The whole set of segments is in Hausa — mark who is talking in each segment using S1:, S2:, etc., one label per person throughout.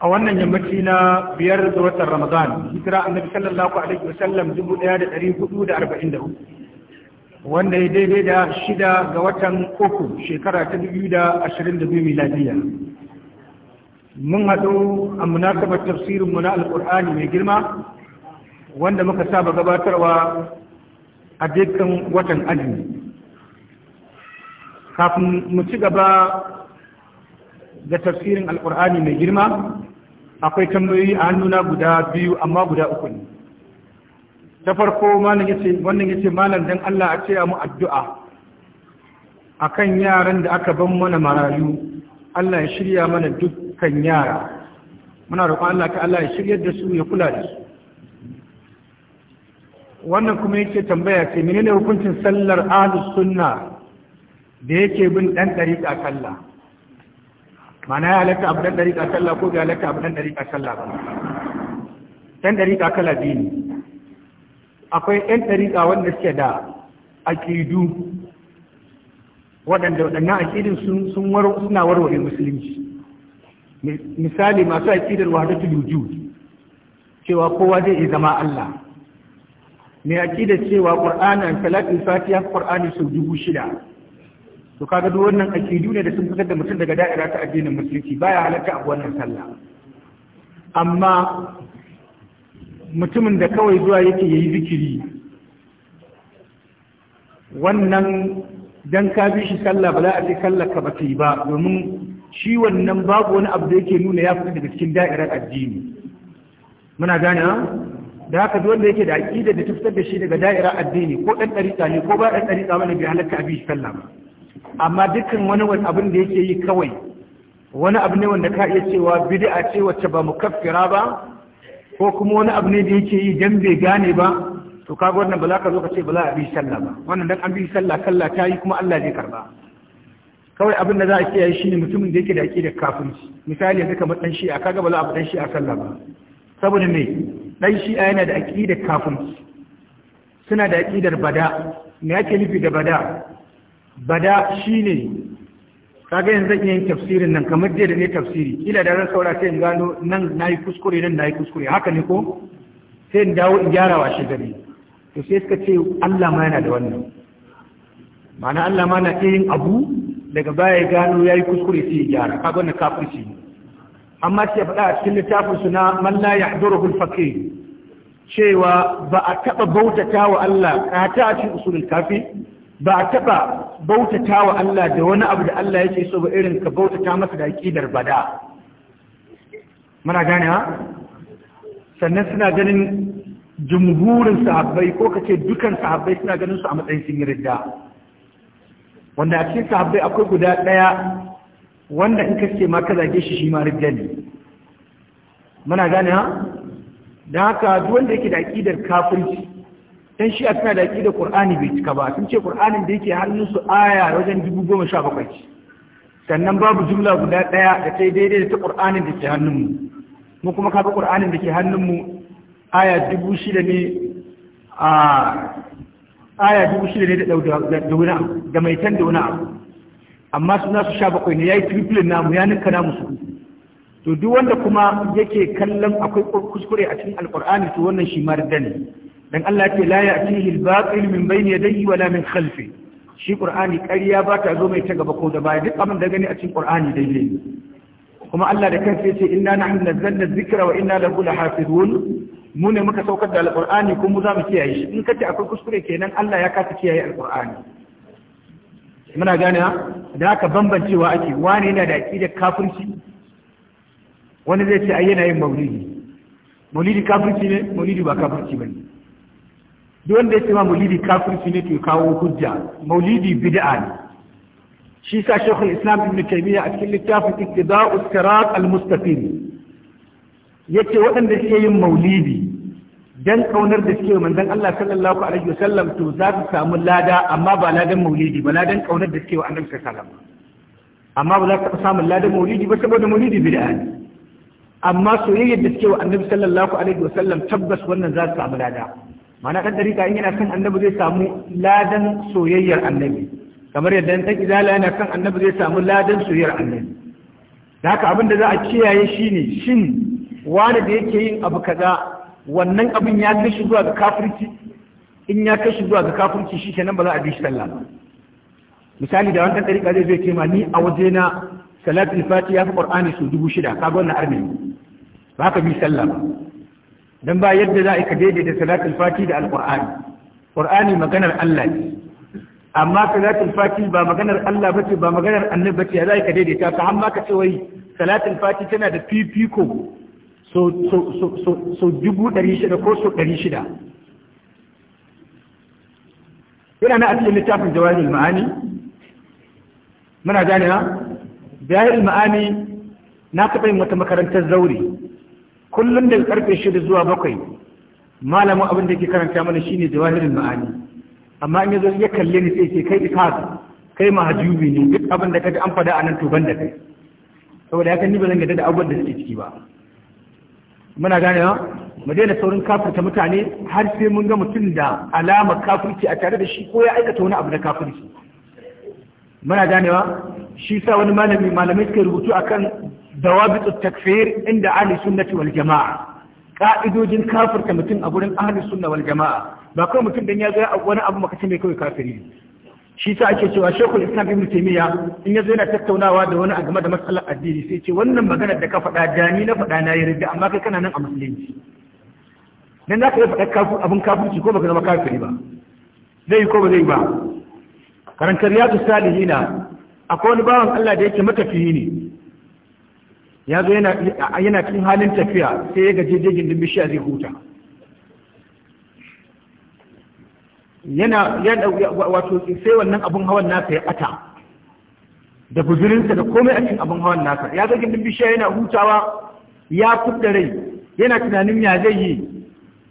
S1: a wannan yammaci na biyar da watan ramadan hijira annabi sallallahu alaihi wasallam dubu ɗaya da ɗari da arba'in da wanda ya daidai da shida ga watan uku shekara ta 2022 da ashirin da miladiya mun haɗu a munasabar tafsirin mu na alƙur'ani mai girma wanda muka saba gabatarwa a dukkan watan azumi kafin mu ci gaba da tafsirin alƙur'ani mai girma akwai tambayoyi a hannuna guda biyu amma guda uku ne ta farko malam ya wannan yace malam dan Allah a ce mu addu'a akan yaran da aka ban mana marayu Allah ya shirya mana dukkan yara muna roƙon Allah ka Allah ya shiryar da su ya kula da su wannan kuma yake tambaya ce menene hukuncin sallar ahlus sunna da yake bin dan dariƙa kallah mana ya halatta abu dan ka sallah ko bai halatta abu dan ka sallah ba dan ka kala biyu ne akwai ɗan dariƙa wanda suke da aƙidu waɗanda waɗannan aƙidin sun sun suna warware musulunci misali masu aƙidar wahdatul wujud cewa kowa zai iya zama Allah mai aƙidar cewa Qur'anin salatin fatiha Qur'ani sau dubu shida to kaga duk wannan akidu ne da sun fitar da mutum daga da'ira ta addinin musulunci baya halatta a wannan sallah amma mutumin da kawai zuwa yake yayi zikiri wannan dan ka bi shi sallah ba za a ce sallah ka ba ta yi ba domin shi wannan babu wani abu da yake nuna ya fita daga cikin da'irar addini muna gane da haka duk wanda yake da aqida da tafsir da shi daga da'irar addini ko dan dariqa ne ko ba dan ba bane bai halaka shi sallah ba amma dukkan wani wani abin da yake yi kawai wani abu ne wanda ka iya cewa bid'a ce wacce ba mukaffira ba ko kuma wani abu ne da yake yi dan bai gane ba to kaga wannan ba za ka zo ka ce ba za a bi sallah ba wannan dan an bi sallah kalla ta yi kuma Allah zai karba kawai abin da za a kiyaye shine mutumin da yake da ake da kafinci misali yanzu kamar dan shi'a kaga ba za a bi dan shi'a sallah ba saboda me dan shi'a yana da aqida kafirci suna da aqidar bada me yake nufi da bada bada shi ne, kaga yanzu zan yin tafsirin nan kamar da ne tafsiri kila da ran saura sai in gano nan nayi kuskure nan nayi kuskure haka ne ko sai in dawo in gyara washe gari to sai suka ce Allah ma yana da wannan ma'ana Allah ma na yin abu daga baya gano yayi kuskure sai ya gyara kaga wannan kafirci ne amma sai faɗa a cikin littafin su na man la yahduru al-faqih cewa ba a taɓa bautata wa Allah ka ta a cikin usulul kafi ba a taɓa bautata wa Allah da wani abu da Allah yake so ba irin ka bautata masa da aƙidar bada muna gane ha sannan suna ganin jumhurin sahabbai ko kace dukan sahabbai suna ganin su a matsayin sun yi wanda a cikin sahabbai akwai guda ɗaya wanda in kace ma ka zage shi shi ma ridda ne muna gane ha don haka duk wanda yake da aƙidar kafirci dan shi a suna da aƙida Qur'ani bai cika ba sun ce Qur'anin da yake hannunsu aya wajen dubu goma sha bakwai sannan babu jumla guda ɗaya da ta daidai da ta Qur'anin da ke hannunmu mu kuma kaga Qur'anin da ke hannunmu aya dubu shida ne a aya dubu shida ne da wani abu da mai tan da wani abu amma suna su sha bakwai ne ya yi triplin namu ya ninka namu su to duk wanda kuma yake kallon akwai kuskure a cikin Alƙur'ani, to wannan shi ma da ne dan Allah ce la ya'tihi al-batil min bayni yadayhi wala min khalfi shi qur'ani ƙarya ba ta zo mai ta gaba ko da baya duk abin da gani a cikin qur'ani daidai ne kuma Allah da kansa yace inna nahnu nazzalna dhikra wa inna lahu lahafizun mu ne muka saukar da alqur'ani kuma mu za mu kiyaye shi in kace akwai kuskure kenan Allah ya kasa kiyaye alqur'ani muna gane da haka bambancewa ake wani yana da aqidar kafirci wani zai ce ai yana yin maulidi maulidi kafirci ne maulidi ba kafirci bane duk wanda ya ce ma maulidi kafirci ne to kawo hujja maulidi bid'a ne shi sa shekul islam ibn taymiya a cikin littafin iktida'us sirat al-mustaqim yace waɗanda suke yin maulidi dan kaunar da suke manzon Allah sallallahu alaihi wasallam to za su samu lada amma ba ladan maulidi ba ladan kaunar da suke wa annabi sallallahu alaihi wasallam amma ba za ka samu ladan maulidi ba saboda maulidi bid'a ne amma soyayyar da suke wa annabi sallallahu alaihi wasallam tabbas wannan za su samu lada mana ɗan ɗarika in yana son annabi zai samu ladan soyayyar annabi kamar yadda ɗan izala yana son annabi zai samu ladan soyayyar annabi da haka abin da za a kiyaye shine shin wani da yake yin abu kaza wannan abin ya kashi zuwa ga kafirci in ya kai zuwa ga kafirci shi kenan ba za a bi shi sallah misali da wannan ɗarika zai zai ce ma ni a wajena salatul fatiha fi qur'ani su dubu shida kaga wannan arni ba ka bi sallah dan ba yadda za a ka daidaita salatul fati da alqur'ani qur'ani maganar Allah ne amma salatul fati ba maganar Allah bace ba maganar annabi bace za a ka daidaita ka amma ka ce wai salatul fati tana da fifiko so so so so dubu ɗari shida ko so ɗari shida yana na a littafin jawahirul ma'ani muna gane na jawahirul ma'ani na taɓa yin wata makarantar zaure kullum da karfe shida zuwa bakwai malamin abin da ke karanta mana shine jawahirin ma'ani amma in yazo ya kalle ni sai ce kai ikazu kai mahajubi ne duk abin da kaji an fada a nan to ban kai saboda haka ni ba zan gada da abubuwan da suke ciki ba muna gane ba mu daina saurin kafirta mutane har sai mun ga mutum da alama kafirci a tare da shi ko ya aikata wani abu na kafirci muna ganewa shi sa wani malami malamai suka rubutu akan dawabitu takfir inda ahli sunnati wal jama'a ka'idojin kafirta mutum a gurin ahli sunna wal jama'a ba kawai mutum dan ya ga wani abu maka mai kawai kafiri shi sa ake cewa shekul islam ibn taymiya in ya zo yana tattaunawa da wani a game da matsalar addini sai ce wannan magana da ka faɗa Jani na faɗa na yarda amma kai kana nan a musulunci dan zaka ka faɗa abin kafirci ko baka zama kafiri ba zai ko ba zai ba karantar riyadu salihina akwai wani bawan Allah da yake matafiyi ne ya zo yana cikin halin tafiya sai ya gaje jirgin din bishiya zai huta yana wato sai wannan abin hawan nasa ya ɓata da buzurinsa da komai a cikin abin hawan nasa ya zagin jirgin bishiya yana hutawa ya kudda rai yana tunanin ya zai yi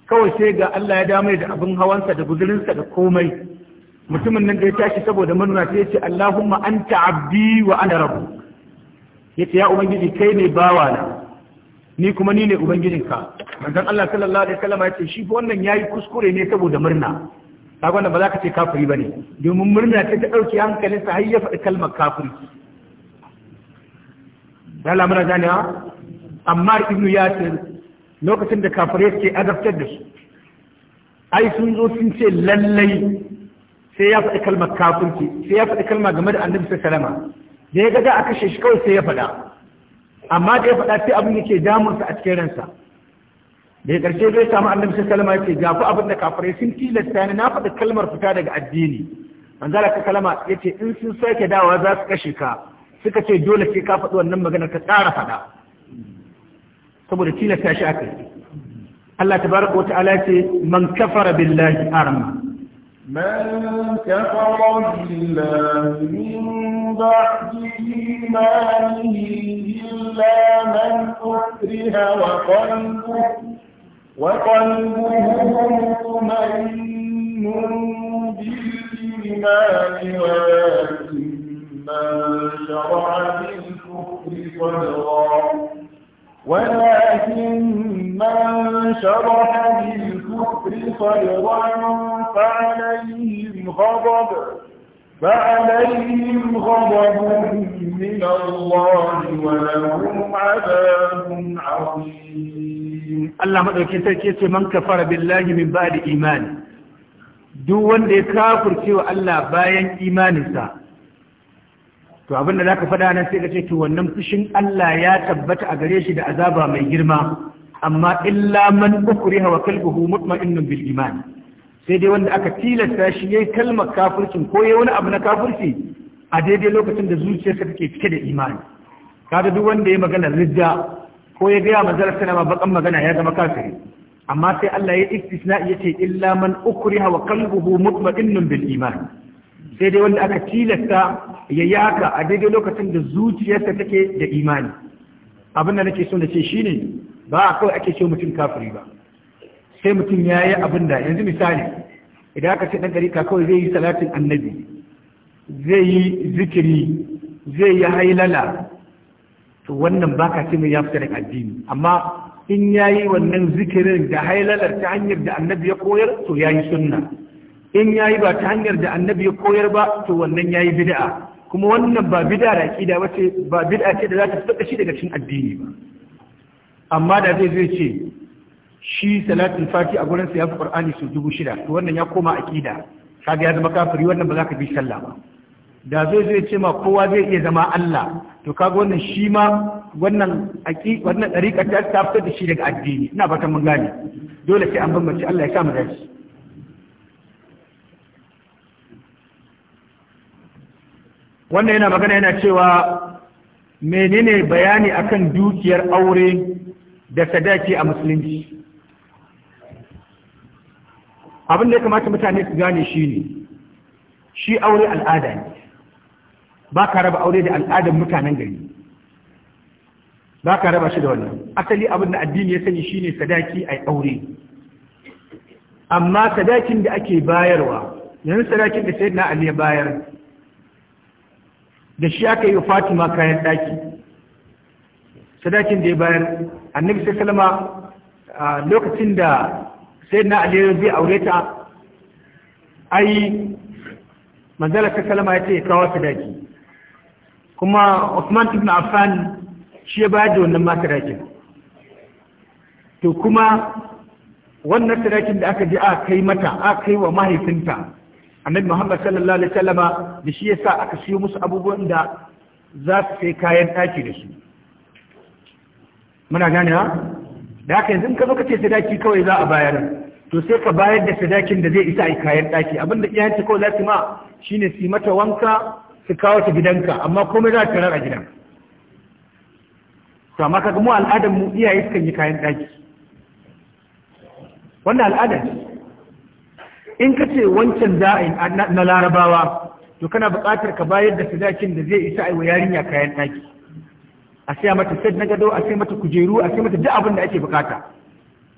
S1: kawai sai ga Allah ya damai da abin hawansa da buzurinsa da komai mutumin nan da ya tashi saboda manuna sai ya ce Allahumma anta abdi wa ana rabu yace ya ubangiji kai ne bawa na ni kuma ni ne ubangijinka manzon Allah sallallahu alaihi wasallam yace shi fa wannan yayi kuskure ne saboda murna kaga wannan ba za ka ce kafiri bane domin murna ce ta dauke sa har ya faɗi kalmar kafiri da lamura ganewa amma ibnu yasir lokacin da kafirai ke azabtar da su ai sun zo sun ce lallai sai ya faɗi kalmar kafirci sai ya faɗi kalma game da annabi sallallahu alaihi wasallam da ya gada a kashe shi kawai sai ya fada amma da ya faɗa sai abin yake damunsa a cikin ransa da ya ƙarshe zai samu annabi sai kalma ya ce gafi abin da kafirai sun tilasta ni na faɗi kalmar fita daga addini manzala ka kalma ya ce in sun sake dawa za su kashe ka suka ce dole sai ka faɗi wannan maganar ka tsara faɗa saboda tilasta shi aka yi Allah tabaraka wa ta'ala ce man kafara billahi arma
S2: من كفر بالله من بعد إيمانه إلا من أكره وقلبه وقلبه مطمئن بالإيمان ولكن من شرع بالكفر صدرا ولكن من شرح بالكفر صدرا فعليهم غضب فعليهم غضب
S1: من الله ولهم عذاب عظيم الله مدركين تركيسي من كفر بالله من بعد إيمان duk wanda ya kafurce wa Allah bayan imaninsa to abin da za ka faɗa nan sai ka ce to wannan fushin Allah ya tabbata a gare shi da azaba mai girma amma illa man ukriha wa qalbuhu mutma'innun bil iman sai dai wanda aka tilasta shi yayi kalmar kafircin ko yayi wani abu na kafirci a daidai lokacin da zuciyarsa take cike da imani kaga duk wanda ya magana ridda ko ya gaya manzara sana ma bakan magana ya zama kafiri amma sai Allah ya istisna yace ce illa man ukriha wa qalbuhu mutma'innun bil iman sai dai wanda aka tilasta ya yi haka a daidai lokacin da zuciyarsa take da imani abin da nake so na ce shine ba a kawai ake ce mutum kafiri ba sai mutum ya yi abin da yanzu misali idan aka ce ɗan ka kawai zai yi salatin annabi zai yi zikiri zai yi hailala to wannan ba ka ce mai ya fita addini amma in ya yi wannan zikirin da hailalar ta hanyar da annabi ya koyar to ya yi sunna in ya yi ba ta hanyar da annabi ya koyar ba to wannan ya yi bida'a. kuma wannan ba bid'a da aƙida ba ce ba bid'a ce da za ta tsaka shi daga cikin addini ba amma da zai zai ce shi salatin fati a gurin sa ya fi qur'ani su dubu shida to wannan ya koma aqida kaga ya zama kafiri wannan ba za ka bi sallah ba da zai zai ce ma kowa zai iya zama Allah to kaga wannan shi ma wannan aƙi wannan ɗariƙa ta fitar da shi daga addini ina fatan mun gane dole sai an bambance Allah ya sa mu dace wannan yana magana yana cewa menene bayani akan dukiyar aure da sadaki a musulunci abin da ya kamata mutane su gane shi ne shi aure al'ada ne ba ka raba aure da al'adar mutanen gari ba ka raba shi da wannan asali abin da addini ya sani shine sadaki a aure amma sadakin da ake bayarwa yanzu sadakin da na ali ya bayar da shi aka yi fatima kayan ɗaki sadakin da ya bayar annabi sai salama lokacin da sai na aliyu zai aure ta ai manzala ta salama ya ce ya kawo sadaki kuma Osman ibn Affan shi ya bayar da wannan ma sadakin to kuma wannan sadakin da aka je a kai mata a kai wa mahaifinta annabi muhammad sallallahu alaihi wasallama da shi yasa aka siyo musu abubuwan da za su sai kayan daki da su muna ganewa da haka yanzu ka zo ka ce sadaki kawai za a bayar to sai ka bayar da sadakin da zai isa a kayan ɗaki abinda ta kawai za su ma shine su mata wanka su kawo ta gidanka amma komai za ta a gidan to amma kaga mu al'adar mu iyaye sukan yi kayan ɗaki wannan al'adar in ka ce wancan da'in na larabawa to kana buƙatar ka bayar da sadakin da zai isa aiwa yarinya kayan ɗaki a sai mata set na gado a sai mata kujeru a sai mata duk abin da ake buƙata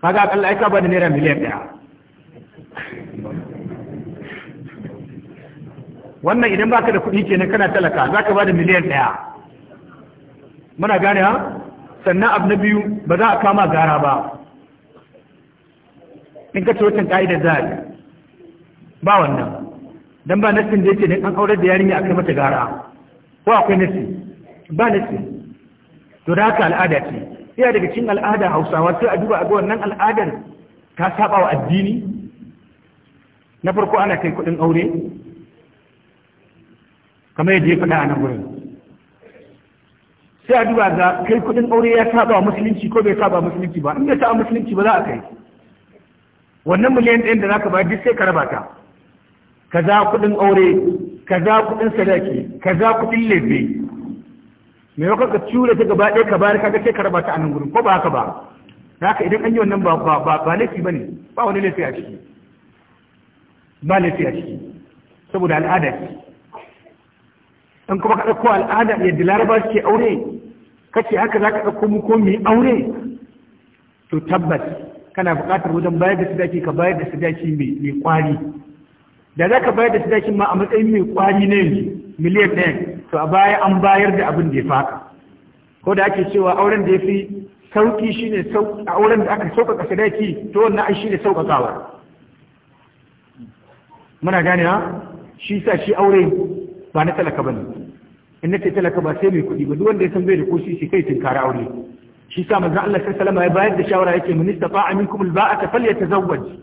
S1: kaga akalla ai ka ba da naira miliyan ɗaya wannan idan baka da kuɗi kenan kana talaka zaka ba da miliyan ɗaya muna gane ha sannan abu na biyu ba za a kama gara ba in ka ci wancan ƙa'idar yi ba wannan dan ba nassin da yake ne an aure da yarinya akai mata gara ko akwai nassi ba nassi to da haka al'ada ce iya daga cikin al'ada Hausawa sai a duba a ga wannan al'adar ta saba wa addini na farko ana kai kudin aure kamar yadda ya faɗa a nan gurin sai a duba ga kai kudin aure ya saba wa musulunci ko bai saba musulunci ba in bai saba musulunci ba za a kai wannan miliyan ɗayan da za ka ba duk sai ka raba ta kaza kuɗin aure kaza kuɗin sadaki kaza kuɗin lefe me yau ka cure ta gaba ɗaya ka bayar kaga sai ka raba ta a nan gurin ko ba haka ba haka idan an yi wannan ba ba ba ba laifi bane ba wani laifi a ciki ba laifi a ciki saboda al'ada ce in kuma ka dauko al'ada yadda laraba ke aure kace haka za ka ɗauko mu ko mu aure to tabbas kana buƙatar wajen bayar da sadaki ka bayar da sadaki mai kwari da za ka bayar da sadakin ma a matsayin mai kwari ne miliyan ɗaya to a baya an bayar da abin da ya faka ko da ake cewa auren da ya fi sauki a auren da aka sauƙaƙa sadaki to wannan shi ne sauƙaƙawa muna gane ha shi sa shi aure ba na talaka ba ne, in nace talaka ba sai mai kuɗi ba duk wanda ya san bai da koshi shi kai tinkara aure shi sa manzon Allah sai salama ya bayar da shawara yake minista fa'a minkum al-ba'ata falyatazawwaj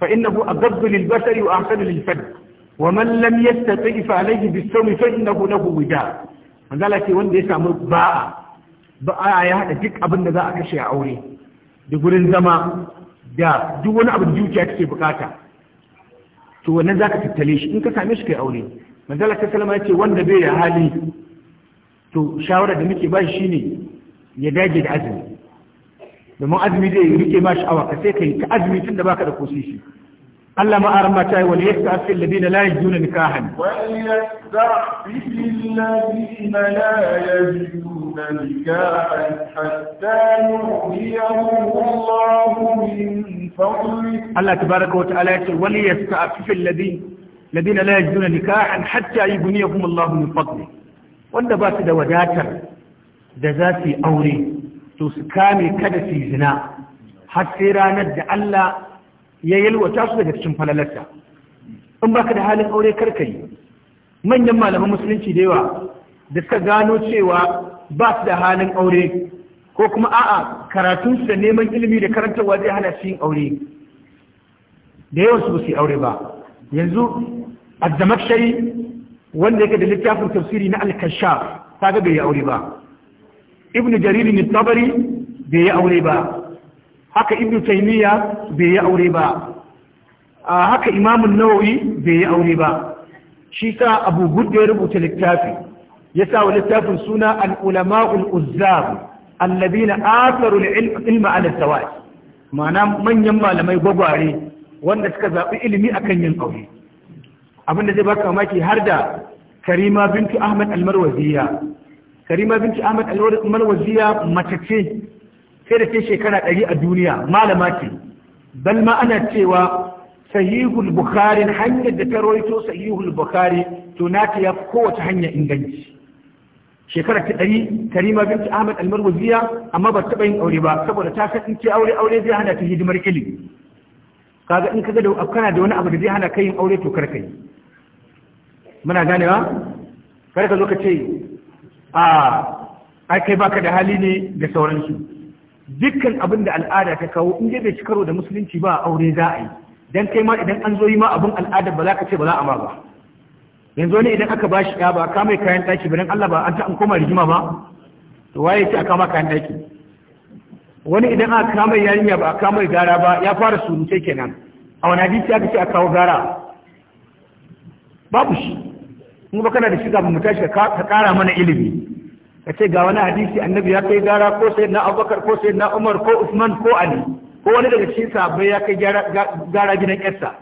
S1: فإنه أضب للبشر وأحسن للفن ومن لم يستطع فعليه بالصوم فإنه له وداء manzala ce wanda ya samu ba'a ya haɗa duk abinda da za kashe aure da gurin zama da duk wani abin zuciya take bukata to wannan za ka tattale shi in ka same shi kai aure manzala ta salama ya ce wanda bai da hali to shawarar da muke bashi shi ne ya dage da azumi domin azumi zai yi rike ma sha'awa ka sai ka yi ka azumi tun da baka da kosishi Allah ma'aran ma ta yi wani yasta afi ladina la yajuna nikahan
S2: wani yasta afi ladina la yajuna nikahan hatta yuhiyahum Allah min fadli Allah tabaraka
S1: wa ta'ala ya ce wani yasta afi ladina ladina la yajuna nikahan hatta yughniyahum Allah min fadli wanda ba su da wadatar da za su yi aure to su kame kada su yi zina har sai ranar da Allah ya yi yalwata su daga cikin falalarta in baka da halin aure karka yi manyan malaman musulunci da yawa da suka gano cewa ba su da halin aure ko kuma a'a karatun su da neman ilimi da karantarwa zai hana su yin aure da yawan su su aure ba yanzu azzamak shari wanda yake da littafin tafsiri na al-kashaf kaga bai yi aure ba ibn jariri tabari bai yi aure ba haka ibn taymiya bai yi aure ba haka imamun nawawi bai yi aure ba shi sa abu gudda ya rubuta littafi ya sa wa littafin suna al'ulama'ul uzzab allabina asarul ilma ala sawai ma'ana manyan malamai gwagware wanda suka zaɓi ilimi akan yin aure abinda zai baka mamaki har da karima bintu ahmad almarwaziya karima binci ahmad malwaziya mace ce sai da ke shekara ɗari a duniya malama ce bal ma ana cewa sahihul bukhari hanyar da ta rawaito sahihul bukhari to na ta ya kowace hanya inganci shekara ta ɗari karima binci ahmad almarwaziya amma ba taɓa yin aure ba saboda ta san in ce aure aure zai hana ta hidimar ilimi kaga in kaga da kana da wani abu da zai hana kai yin aure to karka yi muna ganewa karka zo ka ce a kai baka da hali ne da sauransu dukkan abin da al'ada ta kawo in je bai ci karo da musulunci ba aure za a yi dan kai ma idan an zo yi ma abin al'ada ba za ka ce ba za a ma ba yanzu ne idan aka bashi ya ba ka mai kayan daki ba dan Allah ba an ta an koma rigima ba to waye ce aka ma kayan daki wani idan aka kama yarinya ba aka mai gara ba ya fara surutai kenan a wani hadisi aka ce a kawo gara babu shi mu ba kana da shiga mu tashi ka kara mana ilimi ka ce ga wani hadisi annabi ya kai gara ko sai na abubakar ko sai na umar ko usman ko ali ko wani daga cikin sahabbai ya kai gara gidan yarsa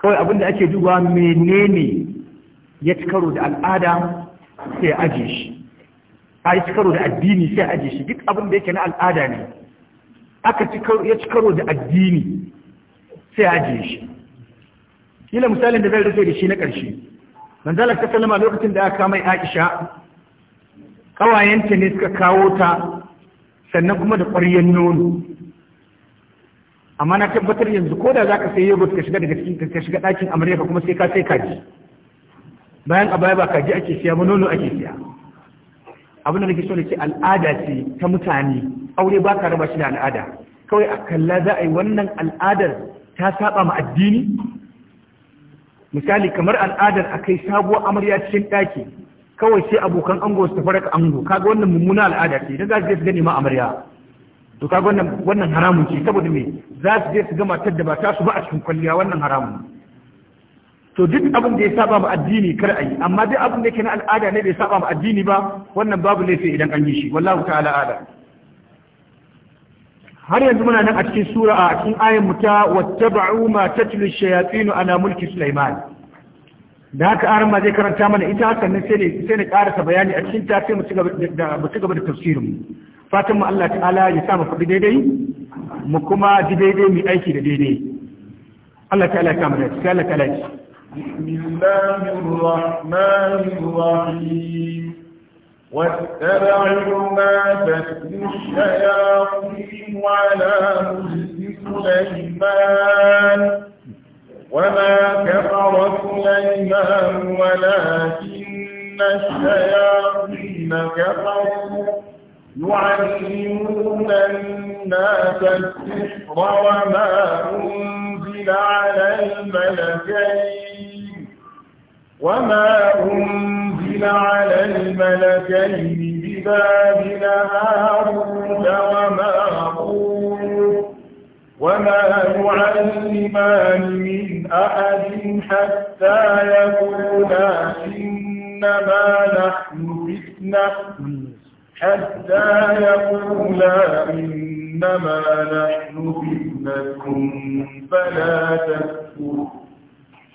S1: kawai abinda ake duba menene ya ci karo da al'ada sai aje shi a yi ci karo da addini sai aje shi duk abin da yake na al'ada ne aka ya ci karo da addini sai aje shi kila misalin da zai rufe da shi na ƙarshe manzala ta sallama lokacin da aka mai aisha kawayenta ne suka kawo ta sannan kuma da ƙwaryar nono amma na tabbatar yanzu ko da za ka sai yogurt ka shiga daga cikin ka shiga ɗakin amurka kuma sai ka sai kaji bayan a baya ba kaji ake siya ba nono ake siya abin da nake so ce al'ada ce ta mutane aure ba ka raba shi da al'ada kawai a kalla za a yi wannan al'adar ta saba ma addini misali kamar al'adar a kai sabuwar amarya cikin ɗaki kawai sai abokan ango su tafi raka ango kaga wannan mummuna al'ada ce idan za su je su gani ma amarya to kaga wannan wannan haramun ce saboda me za su je su ga matar da ba ta su ba a cikin kwalliya wannan haramun to duk abin da ya saba ma addini kar a yi amma duk abin da yake na al'ada ne bai saba ma addini ba wannan babu laifi idan an yi shi wallahu ta'ala a'lam har yanzu muna nan a cikin sura a cikin ayin muta wattaba'u ma tatlu shayatin ana mulki Sulaiman da haka ma zai karanta mana ita sannan sai ne sai ne karasa bayani a cikin ta sai mu cigaba da mu cigaba da tafsirin mu fatan mu Allah ta'ala ya sa mu faɗi daidai mu kuma ji daidai mu aiki da daidai Allah ta'ala ya kama da shi Allah ta'ala ya
S2: بسم واتبعوا ما تتلو الشياطين على ملك سليمان وما كفر سليمان ولكن الشياطين كفروا يعلمون الناس السحر وما أنزل على الملكين وما أنزل قسم على الملكين بباب هاروت وماروت وما يعلمان من أحد حتى يقولا إنما نحن فتنة حتى يقولا إنما نحن فتنة فلا تكفر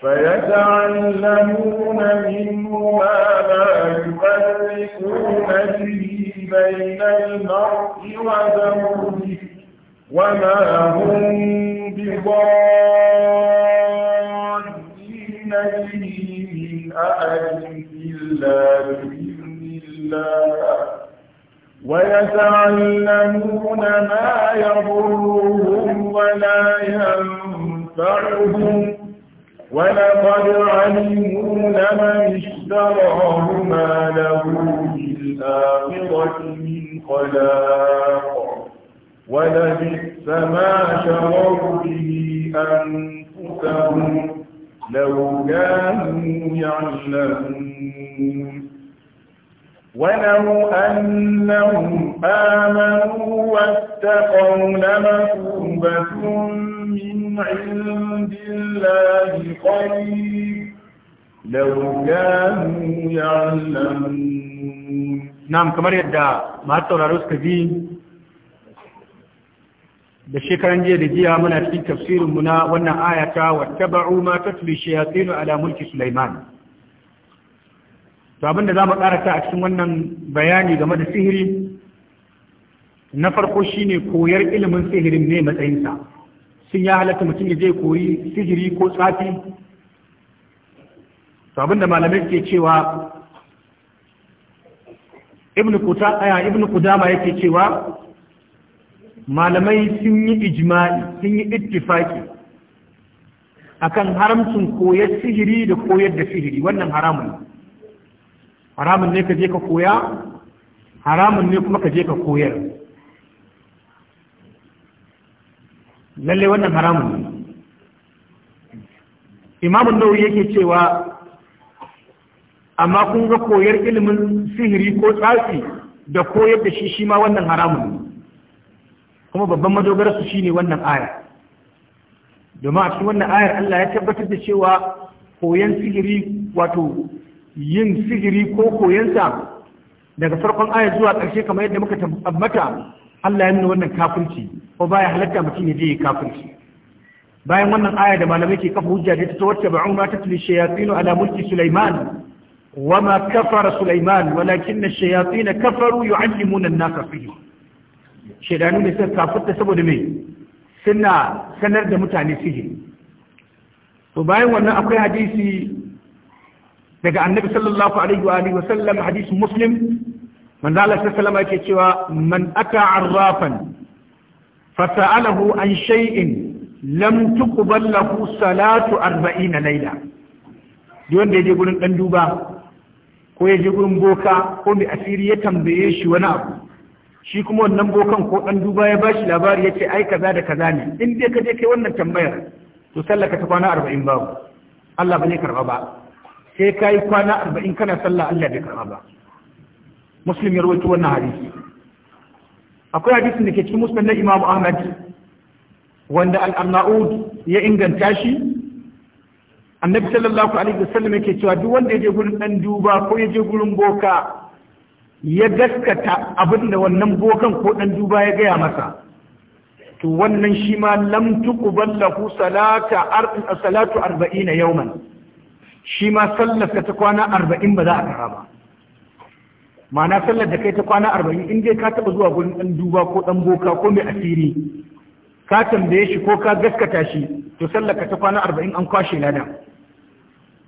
S2: فيتعلمون منه ما لا يفرقون به بين المرء وزوجه وما هم بضارين به من أحد إلا بإذن الله ويتعلمون ما يضرهم ولا ينفعهم ولقد علموا لمن اشتراه ما له في الآخرة من خلاق ولبئس ما شروا به أنفسهم لو كانوا يعلمون ولو أنهم آمنوا واتقوا لمثوبة من عند الله خير لو كانوا
S1: يعلمون نعم كما يدعى ما تورارو suka ji da shekaran jiya da jiya muna cikin tafsirin mu na wannan ayata wattaba'u ma tatlu shayatin ala mulki sulaiman to abin da mu karanta a cikin wannan bayani game da sihiri na farko shine koyar ilimin sihirin ne matsayinsa sun ya halatta mutum ya je koyi sihiri ko tsafi to da malamai ke cewa ibnu kuta aya ibnu kudama yake cewa malamai sun yi ijma'i sun yi ittifaki akan haramcin koyar sihiri da koyar da sihiri wannan haramun haramun ne ka je ka koya haramun ne kuma ka je ka koyar Lallai wannan haramun ne imamun nauyi yake cewa amma kun ga koyar ilimin sihiri ko tsafi da koyar da shi shi ma wannan haramun ne kuma babban madogararsu ne wannan aya domin a cikin wannan ayar Allah ya tabbatar da cewa koyan sihiri wato yin sihiri ko koyansa daga farkon ayar zuwa ƙarshe kamar yadda muka tabbata Allah ya nuna wannan kafirci ko baya halatta mutum ya je ya kafirci bayan wannan aya da malamai ke kafa hujja da ta wacce ba'un ma tatlu shayatin ala mulki Sulaiman wa ma kafara Sulaiman walakinna shayatin kafaru yu'allimuna an-nasa sihr shedanu ne suka kafirta saboda me suna sanar da mutane sihiri to bayan wannan akwai hadisi daga annabi sallallahu alaihi wa alihi wa sallam hadisi muslim manzo Allah sallallahu alaihi yake cewa man ata arrafan fasa'alahu an shay'in lam tuqbal lahu salatu 40 layla duk wanda yaje gurin dan duba ko yaje gurin boka ko mai asiri ya tambaye shi wani abu shi kuma wannan bokan ko dan duba ya bashi labari ce, ai kaza da kaza ne in dai ka je kai wannan tambayar to sallaka ta kwana arba'in babu Allah ba zai karba ba sai kai kwana arba'in kana sallah Allah bai karba ba muslim ya rawaito wannan hadisi akwai hadisin da ke cikin musnad na imamu ahmad wanda al ya inganta shi annabi sallallahu alaihi wasallam yake cewa duk wanda ya je gurin dan duba ko ya je gurin boka ya gaskata abin da wannan bokan ko dan duba ya gaya masa to wannan shi ma lam tuqbal lahu salata salatu 40 yawman shi ma sallar ta kwana 40 ba za a kara ba ma'ana sallar da kai ta kwana arba'in in dai ka taɓa zuwa gurin ɗan duba ko ɗan boka ko mai asiri ka tambaye shi ko ka gaskata shi to sallar ka ta kwana arba'in an kwashe lada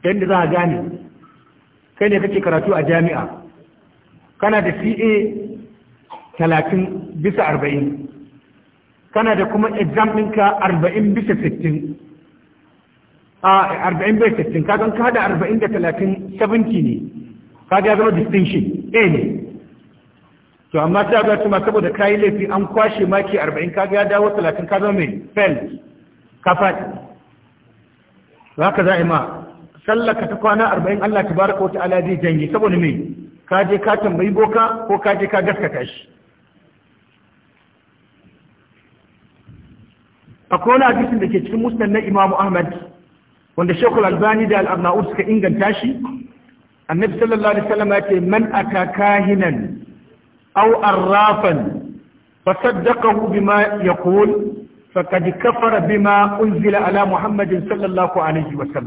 S1: ta yadda za a gane kai ne kake karatu a jami'a kana da ca talatin bisa arba'in kana da kuma exam ɗinka arba'in bisa sittin a arba'in bisa sittin kagan ka da arba'in da talatin 70 ne kaga ya zama distinction a ne to amma sai ga tuma saboda kayi laifi an kwashe maki 40 kaga ya dawo 30 ka zama mai fail ka faɗi haka za a yi ma sallaka ta kwana 40 Allah baraka wa ta'ala zai janye saboda me ka je ka tambayi boka ko ka je ka gaskata shi akwai wani hadisin da ke cikin musnad na Imam Ahmad wanda Sheikhul Albani da Al-Arnaud suka inganta shi annabi sallallahu alaihi wasallam ya ce man aka kahinan aw arrafan فصدقه بما يقول فقد كفر بما أنزل على محمد صلى الله عليه وسلم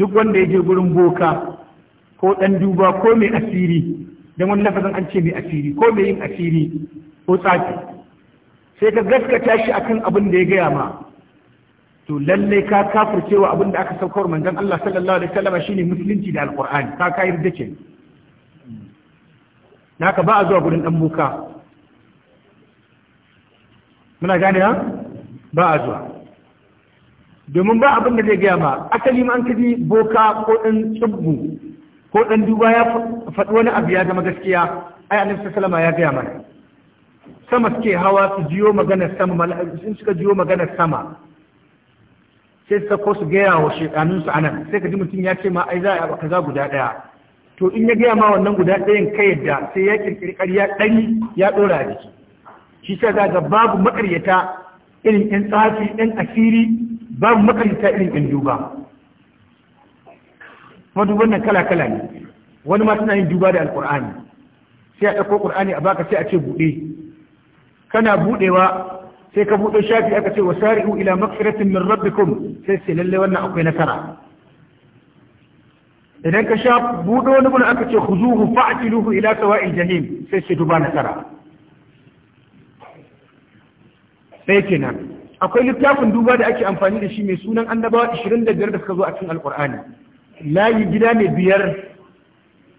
S1: duk wanda ya je gurin boka ko dan duba ko mai asiri don wannan lafazin an ce mai asiri ko mai yin asiri ko tsaki, sai ka gaskata shi akan abin da ya gaya ma to lalle ka kafircewa abin da aka saukar manzon Allah sallallahu alaihi wasallam shine musulunci da alqur'ani ka kai da ce naka ba a zuwa gurin dan buka muna gane ha ba a zuwa domin ba abin da zai gaya ma asali ma an kaji boka ko dan tsubbu ko dan duba ya faɗi wani abu ya zama gaskiya ai annabi sallama ya gaya mana sama suke hawa su jiyo magana sama sun suka jiyo magana sama sai su sako su gaya wa shekanun a nan. sai ka ji mutum ya ce ma ai za a kaza guda ɗaya. to in ya gaya ma wannan guda ɗayan ka yadda sai ya kirkiri ƙarya ɗari ya ɗora a jiki shi sai za ga babu makaryata irin ƴan tsafi ƴan asiri babu makaryata irin ƴan duba kuma duban nan kala kala ne wani ma tana yin duba da alƙur'ani sai a ɗauko ƙur'ani a baka sai a ce buɗe kana buɗewa sai ka buɗe shafi aka ce wa sari'u ila magfiratin min rabbikum sai sai lalle wannan akwai nasara idan ka sha buɗe wani gurin aka ce khuzuhu fa'tiluhu ila sawa'il jahim sai sai duba nasara sai kenan akwai littafin duba da ake amfani da shi mai sunan annabawa 25 da suka zo a cikin alqur'ani layi gida ne biyar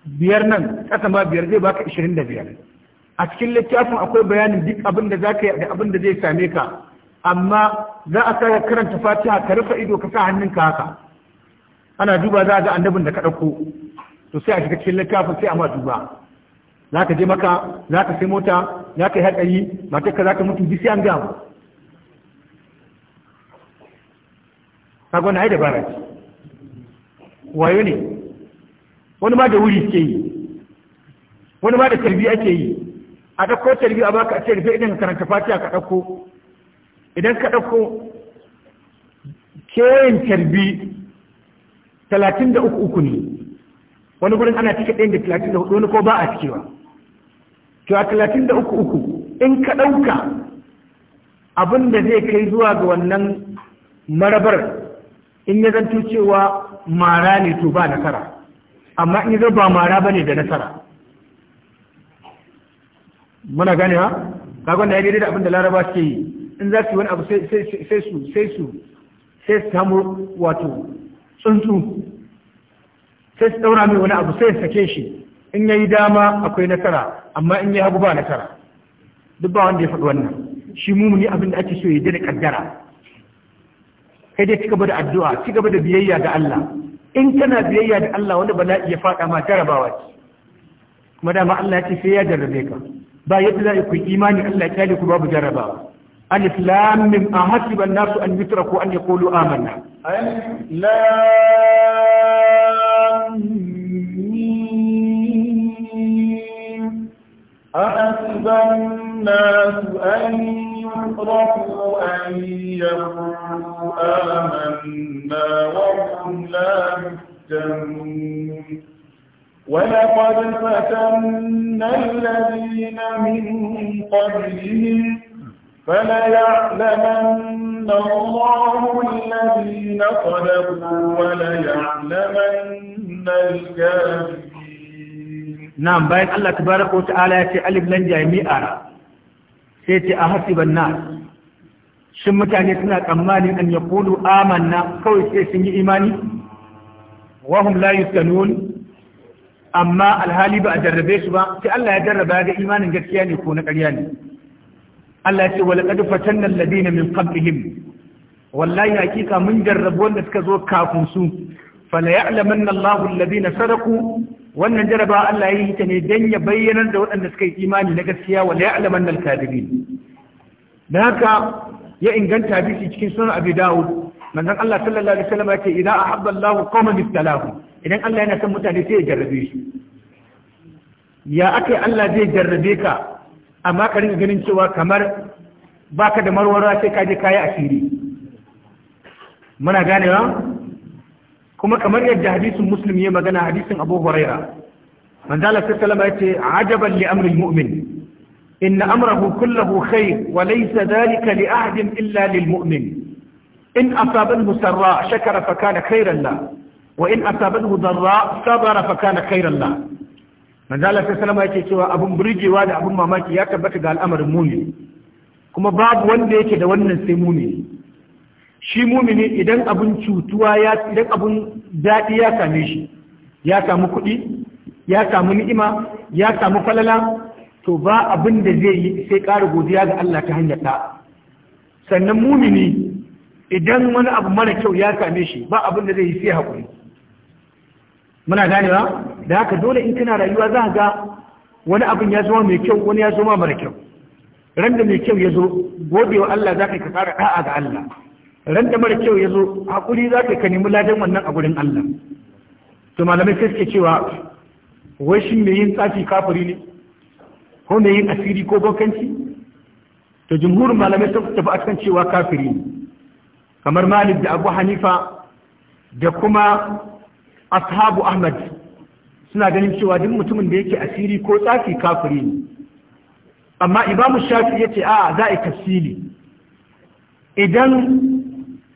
S1: biyar nan ƙasa ma biyar zai baka 25 a cikin littafin akwai bayanin duk abin da zaka yi da abin da zai same ka amma za a sa karanta fatiha ka rufe ido ka sa hannunka haka ana duba za a ga annabin da ka dauko to sai a shiga cikin littafin sai a ma duba za ka je maka za ka sai mota za ka yi hadari ba za ka mutu sai an gamu ka gona ai da ce wayo ne wani ma da wuri ke yi wani ma da tarbi ake yi a ɗauko tarbi a baka a ce rufe idan karanta fatiha ka ɗauko idan ka ɗauko kewayen tarbi talatin da uku uku ne wani gudun ana cike ɗayan da talatin da hudu wani ko ba a cikewa to a talatin da uku uku in ka ɗauka abin da zai kai zuwa ga wannan marabar in ya zanto cewa mara ne to ba nasara amma in zai ba mara ba ne da nasara muna gane ha kaga wannan ya daidai da abin da laraba suke yi in za su yi wani abu sai su sai su sai su samu wato tsuntsu sai su daura mai wani abu sai su sake shi in yayi dama akwai nasara amma in yayi hagu ba nasara duk ba wanda ya faɗi wannan shi mumuni abin da ake so ya da kaddara kai dai cigaba da addu'a cigaba da biyayya ga Allah in kana biyayya da Allah wanda bala'i ya faɗa ma jarabawa ce kuma dama Allah ya ce sai ya jarrabe ka ba yadda za ku imani Allah ya kyale ku babu jarabawa alif lam mim ahasiba an-nasu an yutraku an yaqulu amanna
S2: alif lam mim ahasiba an-nasu an yutraku an yaqulu amanna wa hum la yuftanun ولقد فتنا الذين من قبلهم فليعلمن الله الذين صدقوا وليعلمن الكافرين
S1: نعم باين الله تبارك وتعالى يأتي ألف لن جميعا سيتي أحسب الناس shin mutane suna أن يقولوا آمنا amanna kawai إيماني وهم لا imani amma alhali ba a jarrabe su ba sai Allah ya jarraba ga imanin gaskiya ne ko na ƙarya ne Allah ya ce wa laqad fatanna alladina min qablihim wallahi hakika mun jarrabu wanda suka zo kafin su fala ya'lamanna Allahu alladina sadaku wannan jarraba Allah ya yi ta ne dan ya bayyana da waɗanda suka yi imani na gaskiya wala ya'lamanna al-kadibin dan haka ya inganta bisi cikin sunan Abi Dawud manzon Allah sallallahu alaihi wasallam yake idan ahabba Allah qauman ibtalahu idan Allah yana son mutane sai ya jarrabe shi ya akai Allah zai jarrabe ka amma ka rinka ganin cewa kamar baka da marwara sai ka je kayi asiri muna ganewa kuma kamar yadda hadisin muslim ya magana hadisin abu huraira manzo Allah sallallahu alaihi wasallam yace ajaban li amri almu'min inna amrahu kulluhu khair wa laysa dhalika li ahadin illa mu'min in asabathu musarra, shakara faka kana khairan la wa in asabathu darra sabara faka kana khairan la manzo Allah sallallahu yake cewa abin burgewa da abin mamaki ya tabbata ga al'amarin mu'min kuma babu wanda yake da wannan sai mu'min shi mumini idan abun cutuwa ya idan abun daɗi ya same shi ya samu kuɗi ya samu ni'ima ya samu falala to ba abin da zai yi sai ƙara godiya ga Allah ta hanyar ta sannan mumini idan wani abu mara kyau ya same shi ba abin da zai yi sai haƙuri muna ganewa da haka dole in kana rayuwa za ga wani abin ya zama mai kyau wani ya zama mara kyau ran mai kyau ya zo gobe wa Allah za ka ka fara ɗa'a ga Allah Randa mara kyau ya zo haƙuri za ka ka nemi wannan a gurin Allah to malamai sai suke cewa wai shi mai yin tsafi kafiri ne ko mai yin asiri ko bankanci? to jumhurin malamai sun tafi akan cewa kafiri ne kamar malik da abu hanifa da kuma ashabu ahmad suna ganin cewa duk mutumin da yake asiri ko tsafi kafiri ne amma imamu shafi ya ce a za a yi tafsili idan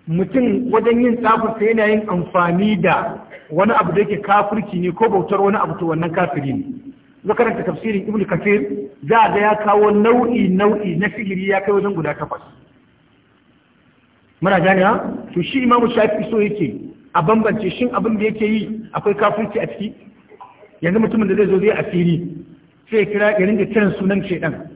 S1: mutum wajen yin tsafinsa yana yin amfani da wani abu da yake kafirci ne ko bautar wani abu to wannan kafiri ne makaranta tafsirin ibn kafir za a ga ya kawo nau'i nau'i na sihiri ya kai wajen guda takwas muna ha to shi imamu shafi so yake a bambance shin abin da yake yi akwai kafirci a ciki yanzu mutumin da zai zo zai asiri sai ya kira irin da kiran sunan shaidan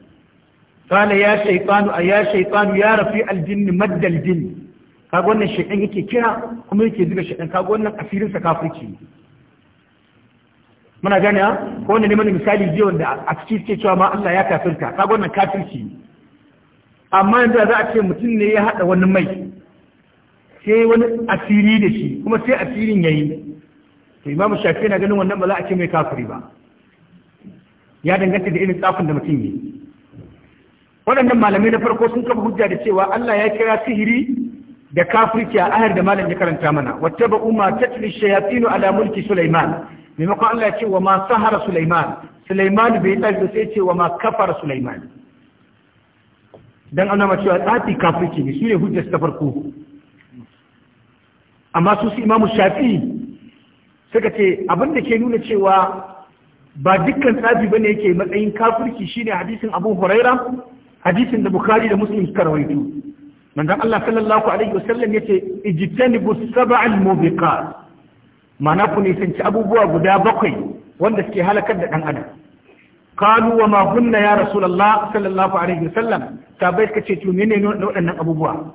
S1: kala ya a ya shaitanu ya rafi aljin maddal jin kaga wannan shaidan yake kira kuma yake zuga shaidan kaga wannan asirin sa kafirci muna gane ko wannan neman misali jiya wanda a ciki suke cewa ma Allah ya kafirta kaga wannan kafirci amma yanzu za a ce mutum ne ya hada wani mai sai wani asiri da shi kuma sai asirin yayi to imamu shafi na ganin wannan ba a ce mai kafiri ba ya danganta da irin tsafin da mutum yi waɗannan malamai na farko sun kafa hujja da cewa Allah ya kira sihiri da kafirci a ayar da malam ya karanta mana wata ba umma tatli shayatinu ala mulki sulaiman maimakon Allah ya ce wa ma sahara sulaiman sulaiman bai da sai ce wa ma kafara sulaiman dan ana cewa tsafi kafirci ne ne hujjar ta farko amma su su imamu shafi suka ce abin da ke nuna cewa ba dukkan tsafi ba ne yake matsayin kafirki shine hadisin Abu Huraira hadisin da Bukhari da Muslim suka rawaito manzon Allah sallallahu alaihi wasallam yace ijtanibu sab'al mubiqat mana ku ne sanci abubuwa guda bakwai wanda suke halakar da dan adam qalu wa ma hunna ya rasulullah sallallahu alaihi wasallam sabai suka ce to menene waɗannan abubuwa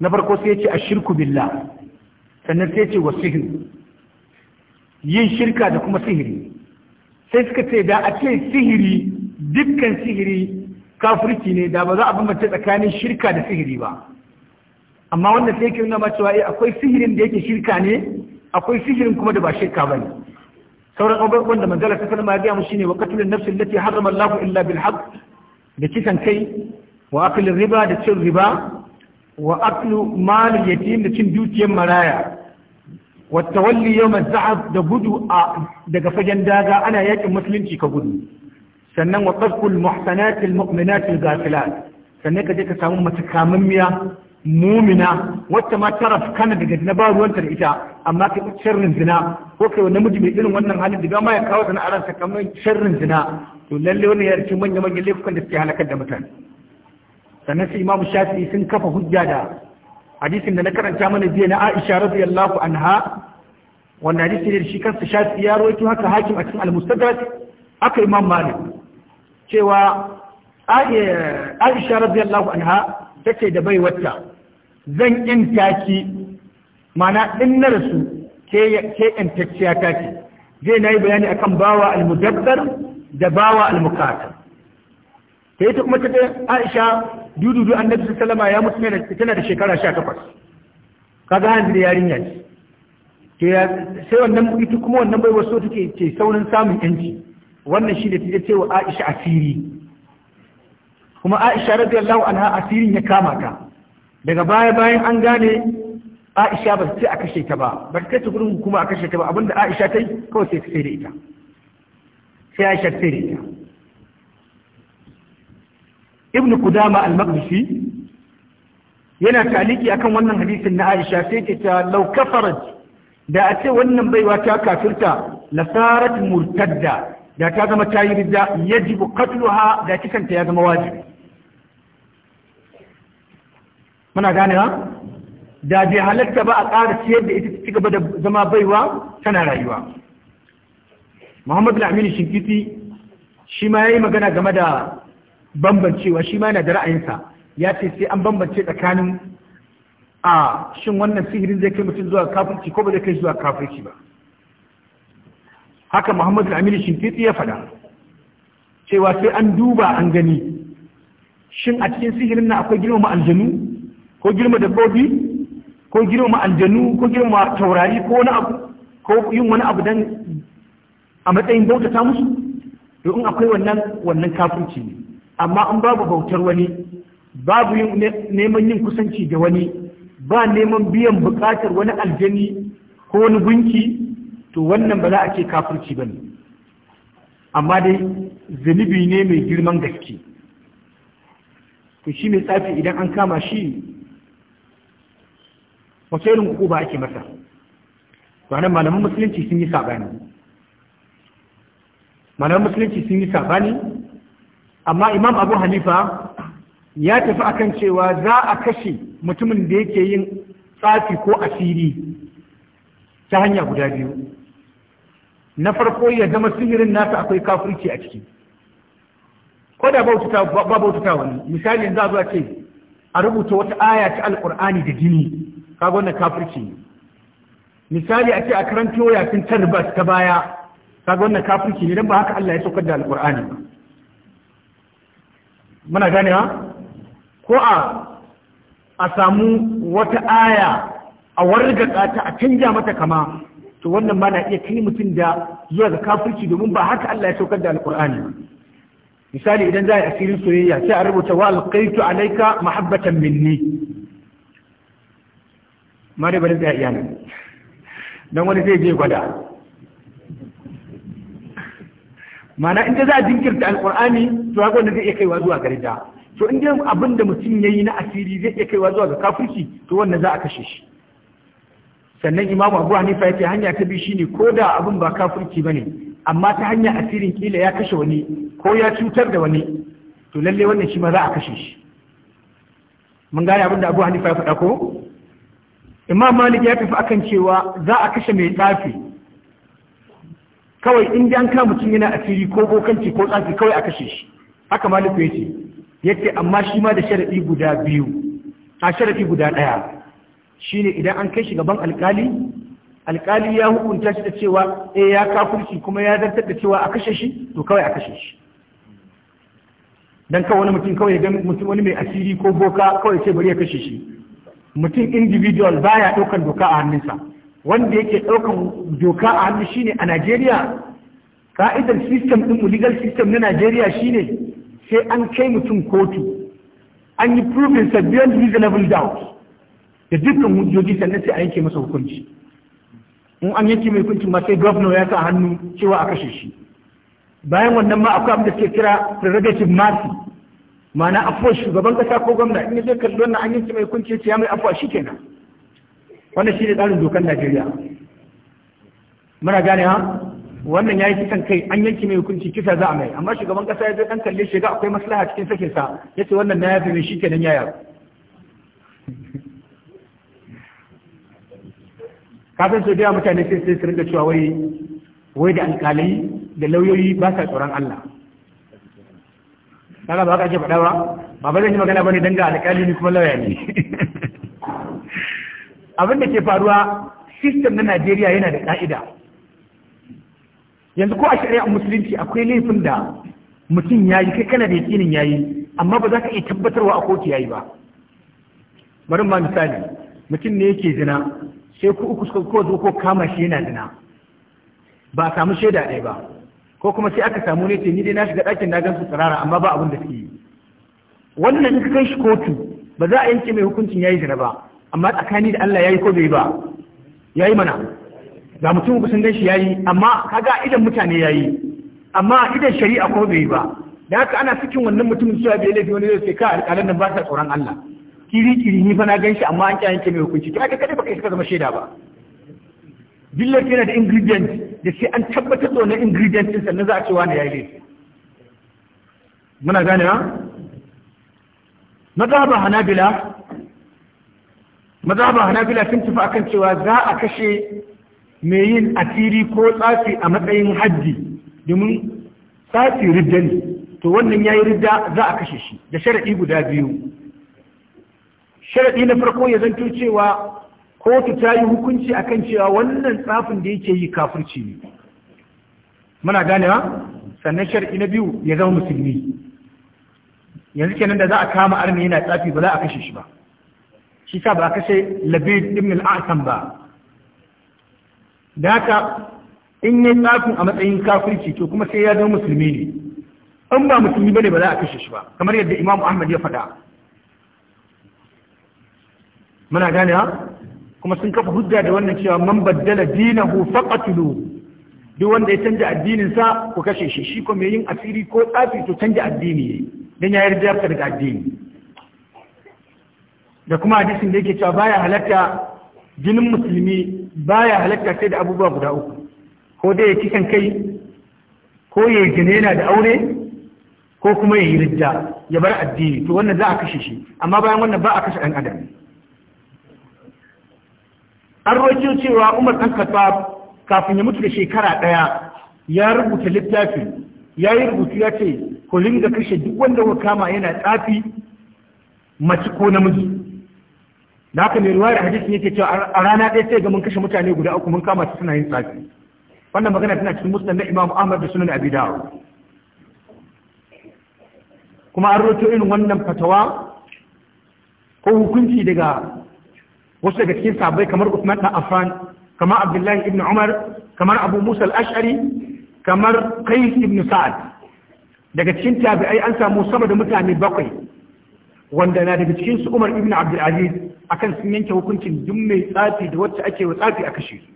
S1: na farko sai ce a shirku billah sannan sai ce wa sihiri yin shirka da kuma sihiri sai suka ce da a ce sihiri dukkan sihiri kafirci ne da ba za a bambance tsakanin shirka da sihiri ba amma wannan sai ke nuna ma cewa eh, akwai sihirin da yake shirka ne akwai sihirin kuma da ba shirka ba ne sauran abubuwan da manzala ta salama ya mu shine wa qatlun nafsi allati harrama Allah illa bil da kisan kai wa akil riba da cin riba wa aklu malin yatim da cin dukiyar maraya wa tawalli yawmaz zahab da gudu a daga fagen daga ana yakin musulunci ka gudu sannan wa qadqul muhsanatil mu'minatil ghafilat sannan ka je ka samu mace kamammiya mumina wacce ma taraf kana daga na ba ruwanta da ita amma kai sharrin zina ko kai namiji mai irin wannan halin da ma ya kawo sana'ar sa kamar sharrin zina to lalle wannan ya rikin manya manyan laifukan da suke halakar da mutane sannan su imamu shafi'i sun kafa hujja da hadisin da na karanta mana jiya na aisha radiyallahu anha wanda hadisi ne shi kansa shafi'i ya rawaito haka hakim a cikin al-mustadrak aka imam malik cewa aisha radiyallahu anha tace da bai wata zan in taki mana in na rasu ke ke in tacciya taki zai nayi bayani akan bawa al-mudabbar da bawa al yi ta kuma cikin Aisha dududu annabi salama ya mutu ne tana da shekara sha takwas. Ka ga hanzu da yarinya yaji Ke ya sai wannan ita kuma wannan baiwa so take ce saurin samun yanci wannan shi da ta ce wa Aisha asiri kuma Aisha radiyallahu anha asirin ya kama ta daga baya bayan an gane Aisha ba ce a kashe ta ba ba ta ta gurin hukuma a kashe ta ba abinda Aisha ta yi kawai sai ta sai da ita sai Aisha ta sai da ita ibn kudama al yana taliki akan wannan hadisin na Aisha sai ta ta law kafarat da a ce wannan baiwa ta kafirta lasarat murtadda da ta zama ta yi ridda yajibu qatluha da kikanta ya zama wajibi muna gane ha da bai halatta ba a ƙara ciyar da ita ci gaba da zama baiwa tana rayuwa Muhammadu Aminu Shinkiti shi ma ya yi magana game da bambancewa shi ma yana da ra'ayinsa ya ce sai an bambance tsakanin a shin wannan sihirin zai kai mutum zuwa kafirci ko ba zai kai zuwa kafirci ba haka muhammadu aminu shinkitsi ya faɗa cewa sai an duba an gani shin a cikin sihirin na akwai girmama aljanu ko girma dabbobi ko girma aljanu ko girma taurari ko wani abu ko yin wani abu dan a matsayin bautata musu to in akwai wannan wannan kafirci ne amma in babu bautar wani babu neman yin kusanci da wani ba neman biyan bukatar wani aljani ko wani gunki to wannan ba za a ce kafirci ba ne amma dai zunubi ne mai girman gaske to shi mai tsafi idan an kama shi wace irin kuku ba ake masa ranar malaman musulunci sun yi sabani malaman musulunci sun yi sabani amma imam abu hanifa ya tafi akan cewa za a kashe mutumin da yake yin tsafi ko asiri ta hanya guda biyu na farko ya zama sihirin nasa akwai kafirci a ciki ko da ba bautata wani misali za a zuwa ce a rubuta wata aya ta alkur'ani da jini kaga wannan kafirci ne misali a ce a karanto yakin tarbas ta baya kaga wannan kafirci ne don ba haka Allah ya saukar da alkur'ani ba muna ganewa ko a a samu wata aya a wargatsa ta a canja mata kama to wannan ma na iya kai mutum da zuwa ga kafirci domin ba haka Allah ya saukar da alkur'ani misali idan za a yi asirin soyayya sai a rubuta wa alkaitu alaika mahabbatan minni mare bari da iyana dan wani zai je gwada mana in za a jinkirta alkur'ani to ya wanda zai iya kaiwa zuwa gare ta. to in dai abin da mutum yi na asiri zai iya kaiwa zuwa ga kafirci to wannan za a kashe shi sannan imamu abu hanifa yake hanya ta biyu shine ko da abin ba kafirci bane amma ta hanya asirin kila ya kashe wani ko ya cutar da wani to lalle wannan shi ma za a kashe shi mun gane abin da abu hanifa ya faɗa ko imam malik ya tafi akan cewa za a kashe mai tsafi kawai in an kama mutum yana asiri ko bokanci ko tsafi kawai a kashe shi haka maliku yace yake amma shi ma da sharadi guda biyu a sharadi guda daya shine idan an kai shi gaban alkali alkali ya hukunta shi da cewa eh ya kafirci kuma ya zartar da cewa a kashe shi to kawai a kashe shi dan kawai wani mutum kawai dan mutum wani mai asiri ko boka kawai sai bari ya kashe shi mutum individual baya ɗaukar doka a hannunsa wanda yake ɗaukan doka a hannu shine a Najeriya ka'idar system ɗin legal system na Najeriya shine sai an kai mutum kotu an yi proving sa beyond reasonable doubt da dukkan hujjoji sannan sai a yanke masa hukunci in an yanke mai hukuncin ma sai gwamna ya sa hannu cewa a kashe shi bayan wannan ma akwai abin da suke kira prerogative mercy ma'ana afuwar shugaban kasa ko gwamna in ya zai kalli wannan an yanke mai hukunci ya ce ya mai afuwa shikenan wannan shi ne tsarin dokar najeriya muna gane ha wannan ya yi kisan kai an yanki mai hukunci kisa za a mai amma shugaban kasa ya zai dan kalle shiga akwai maslaha cikin sakinsa ya ce wannan na yafe mai shi kenan yaya kafin su da mutane sai sai su rinka cewa wai wai da alƙalai da lauyoyi ba sa tsoron Allah kaga ba ka ce faɗa ba ba ba zan yi magana bane dan ga alƙali ne kuma lauya ne abin da ke faruwa sistem na Najeriya yana da ka'ida yanzu ko a shari'ar musulunci akwai laifin da mutum ya yi kai kana da yakinin ya yi amma ba za ka iya tabbatarwa a kotu ya yi ba bari ma misali mutum ne yake zina sai ku uku suka ko zo ko kama shi yana zina ba a samu shaida ɗaya ba ko kuma sai aka samu ne ni dai na shiga ɗakin na gan su tsirara amma ba abin da suke yi wannan in ka kai shi kotu ba za a yanke mai hukuncin ya yi zina ba amma tsakani da Allah ya ko bai ba ya yi mana ga mutum kusan dan shi yi, amma kaga idan mutane ya yi, amma idan shari'a ko bai ba da haka ana cikin wannan mutumin cewa bai laifi wani zai ka alƙalan nan ba sa tsoron Allah kiri kiri ni fa na ganshi amma an yanke mai hukunci to ga kada kai suka zama shaida ba billar yana da ingredient da sai an tabbatar da wannan ingredient din sannan za a ce wani yayi laifi muna gane ha mazhaba hanabila Maza mazhaban hanabila sun tafi akan cewa za a kashe mai yin asiri ko tsafi a matsayin haddi domin tsafi ridda ne to wannan yayi ridda za a kashe shi da sharadi guda biyu sharadi na farko ya zanto cewa kotu ta yi hukunci akan cewa wannan tsafin da yake yi kafirci ne muna ganewa sannan sharadi na biyu ya zama musulmi yanzu kenan da za a kama arni yana tsafi ba za a kashe shi ba shi sa ba kashe labid ibn al-asam ba da haka in yi tsafin a matsayin kafirci to kuma sai ya zama musulmi ne in ba musulmi bane ba za a kashe shi ba kamar yadda imam ahmad ya faɗa muna gane ha kuma sun kafa hujja da wannan cewa man baddala dinahu faqatlu duk wanda ya canja addinin sa ku kashe shi shi kuma yin asiri ko tsafi to canja addini ne dan ya yarda daga addini da kuma hadisin da yake cewa baya halatta jinin musulmi baya halatta sai da abubuwa guda uku ko dai ya kisan kai ko ya yi yana da aure ko kuma ya yi rijja ya bar addini to wannan za a kashe shi amma bayan wannan ba a kashe ɗan adam an roƙi cewa umar ɗan kasuwa kafin ya mutu da shekara ɗaya ya rubuta littafi ya yi rubutu ya ce ku ringa kashe duk wanda kuka kama yana tsafi mace ko namiji da haka mai ruwayar hadisi yake cewa a rana ɗaya sai ga mun kashe mutane guda uku mun kama su suna yin tsafi wannan magana tana cikin musnad na Imam Ahmad da Sunan Abi kuma an roto irin wannan fatawa ko hukunci daga wasu daga cikin sabai kamar usman ibn afan kamar Abdullahi ibn Umar kamar Abu Musa al-Ash'ari kamar Qais ibn Sa'ad daga cikin tabi'ai an samu sama da mutane bakwai wanda na daga cikin su Umar ibn Abdul Aziz akan sun yanke hukuncin duk mai tsafi da wacce ake wa tsafi a kashe su.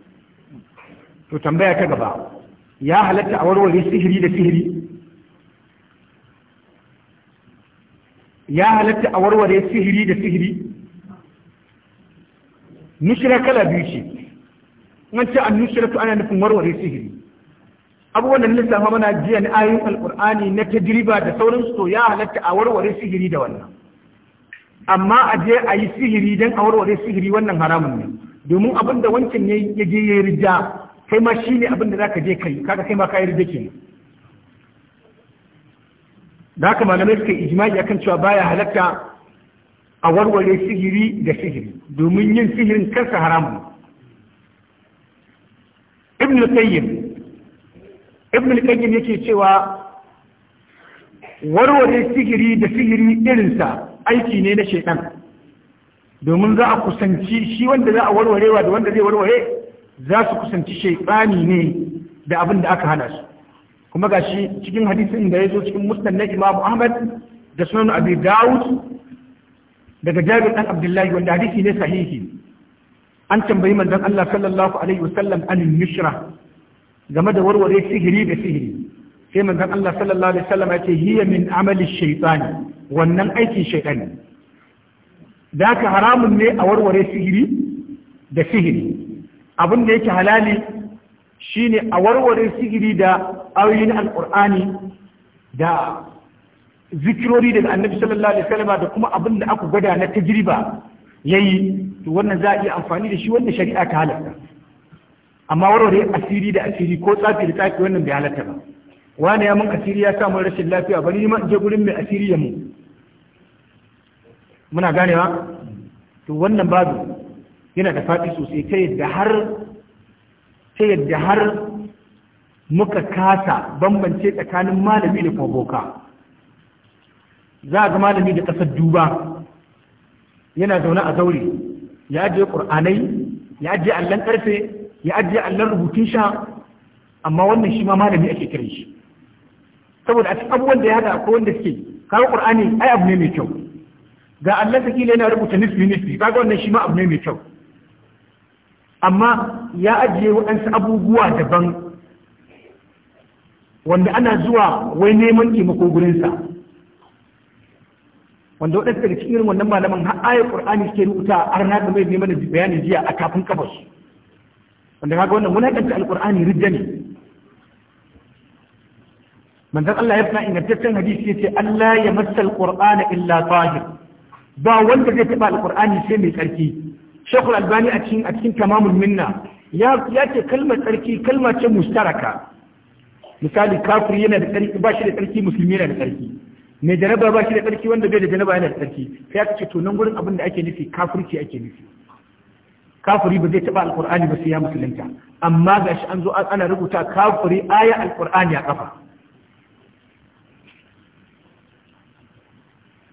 S1: to tambaya ta gaba ya halatta a warware sihiri da sihiri ya halatta a warware sihiri da sihiri nushira kala biyu ce an ce an nushira ana nufin warware sihiri abubuwan da lissafa mana jiya na ayyukan alkur'ani na tajriba da sauransu to ya halatta a warware sihiri da wannan amma a je a yi sihiri don a warware sihiri wannan haramun ne domin abin da wancan ya je ya rija kai ma shi ne abin da za ka je kai kaga kai ma ka yi rija ke da haka malamai suka yi ijma'i akan cewa baya halatta a warware sihiri da sihiri domin yin sihirin kansa haramun ibn qayyim ibn qayyim yake cewa warware sihiri da sihiri irinsa aiki ne na shaitan domin za a kusanci shi wanda za a warwarewa da wanda zai warware za su kusanci shaitani ne da abin da aka hana su kuma ga shi cikin hadisin da ya zo cikin musnad na imam ahmad da sunan abi dawud daga jabir dan abdullahi wanda hadisi ne sahihi an tambayi manzon Allah sallallahu alaihi wasallam an nushra game da warware sihiri da sihiri sai manzon Allah sallallahu alaihi wasallam ya ce hiya min amali shaiɗani. wannan aikin shaidan ne da ka haramun ne a warware sihiri da sihiri abin da yake halali shine a warware sihiri da ayoyin Alƙur'ani da zikirori daga annabi sallallahu alaihi wasallam da kuma abin da aka gwada na tajriba yayi to wannan za a iya amfani da shi wanda shari'a ta halatta amma warware asiri da asiri ko tsafi da tsafi wannan bai halatta ba wani ya mun asiri ya samu rashin lafiya bari ma je gurin mai asiri ya mu muna ganewa to wannan babu yana da faɗi sosai ta yadda har ta yadda har muka kasa bambance tsakanin malami da koboka boka za ga malami da ƙasar duba yana zaune a zaure ya ajiye ƙur'anai ya ajiye allon ƙarfe ya ajiye allon rubutun sha amma wannan shi ma malami ake kiran shi saboda a cikin abubuwan da ya haɗa akwai wanda suke kawo ƙur'ani ai abu ne mai kyau ga Allah ta kila yana rubuta nisbi nisbi kaga wannan shi ma abu ne mai kyau amma ya ajiye waɗansu abubuwa daban wanda ana zuwa wai neman taimako gurinsa wanda waɗansu daga cikin wannan malaman har ayar ƙur'ani suke rubuta har na da mai neman bayanin jiya a kafin kafas wanda kaga wannan wulakanta alqur'ani rijja ne manzon Allah ya fara ingantaccen hadisi yace Allah ya masal alqur'ana illa tahir ba wanda zai taɓa alƙur'ani sai mai tsarki shekul albani a cikin a cikin tamamul minna ya ce kalmar tsarki kalma ce mustaraka misali kafir yana da tsarki ba shi da tsarki musulmi yana da tsarki mai janaba ba shi da tsarki wanda bai da janaba yana da tsarki sai aka ce to nan gurin abin da ake nufi kafirci ake nufi kafiri ba zai taba Alƙur'ani ba sai ya musulunta amma shi an zo ana rubuta kafiri aya Alƙur'ani a kafa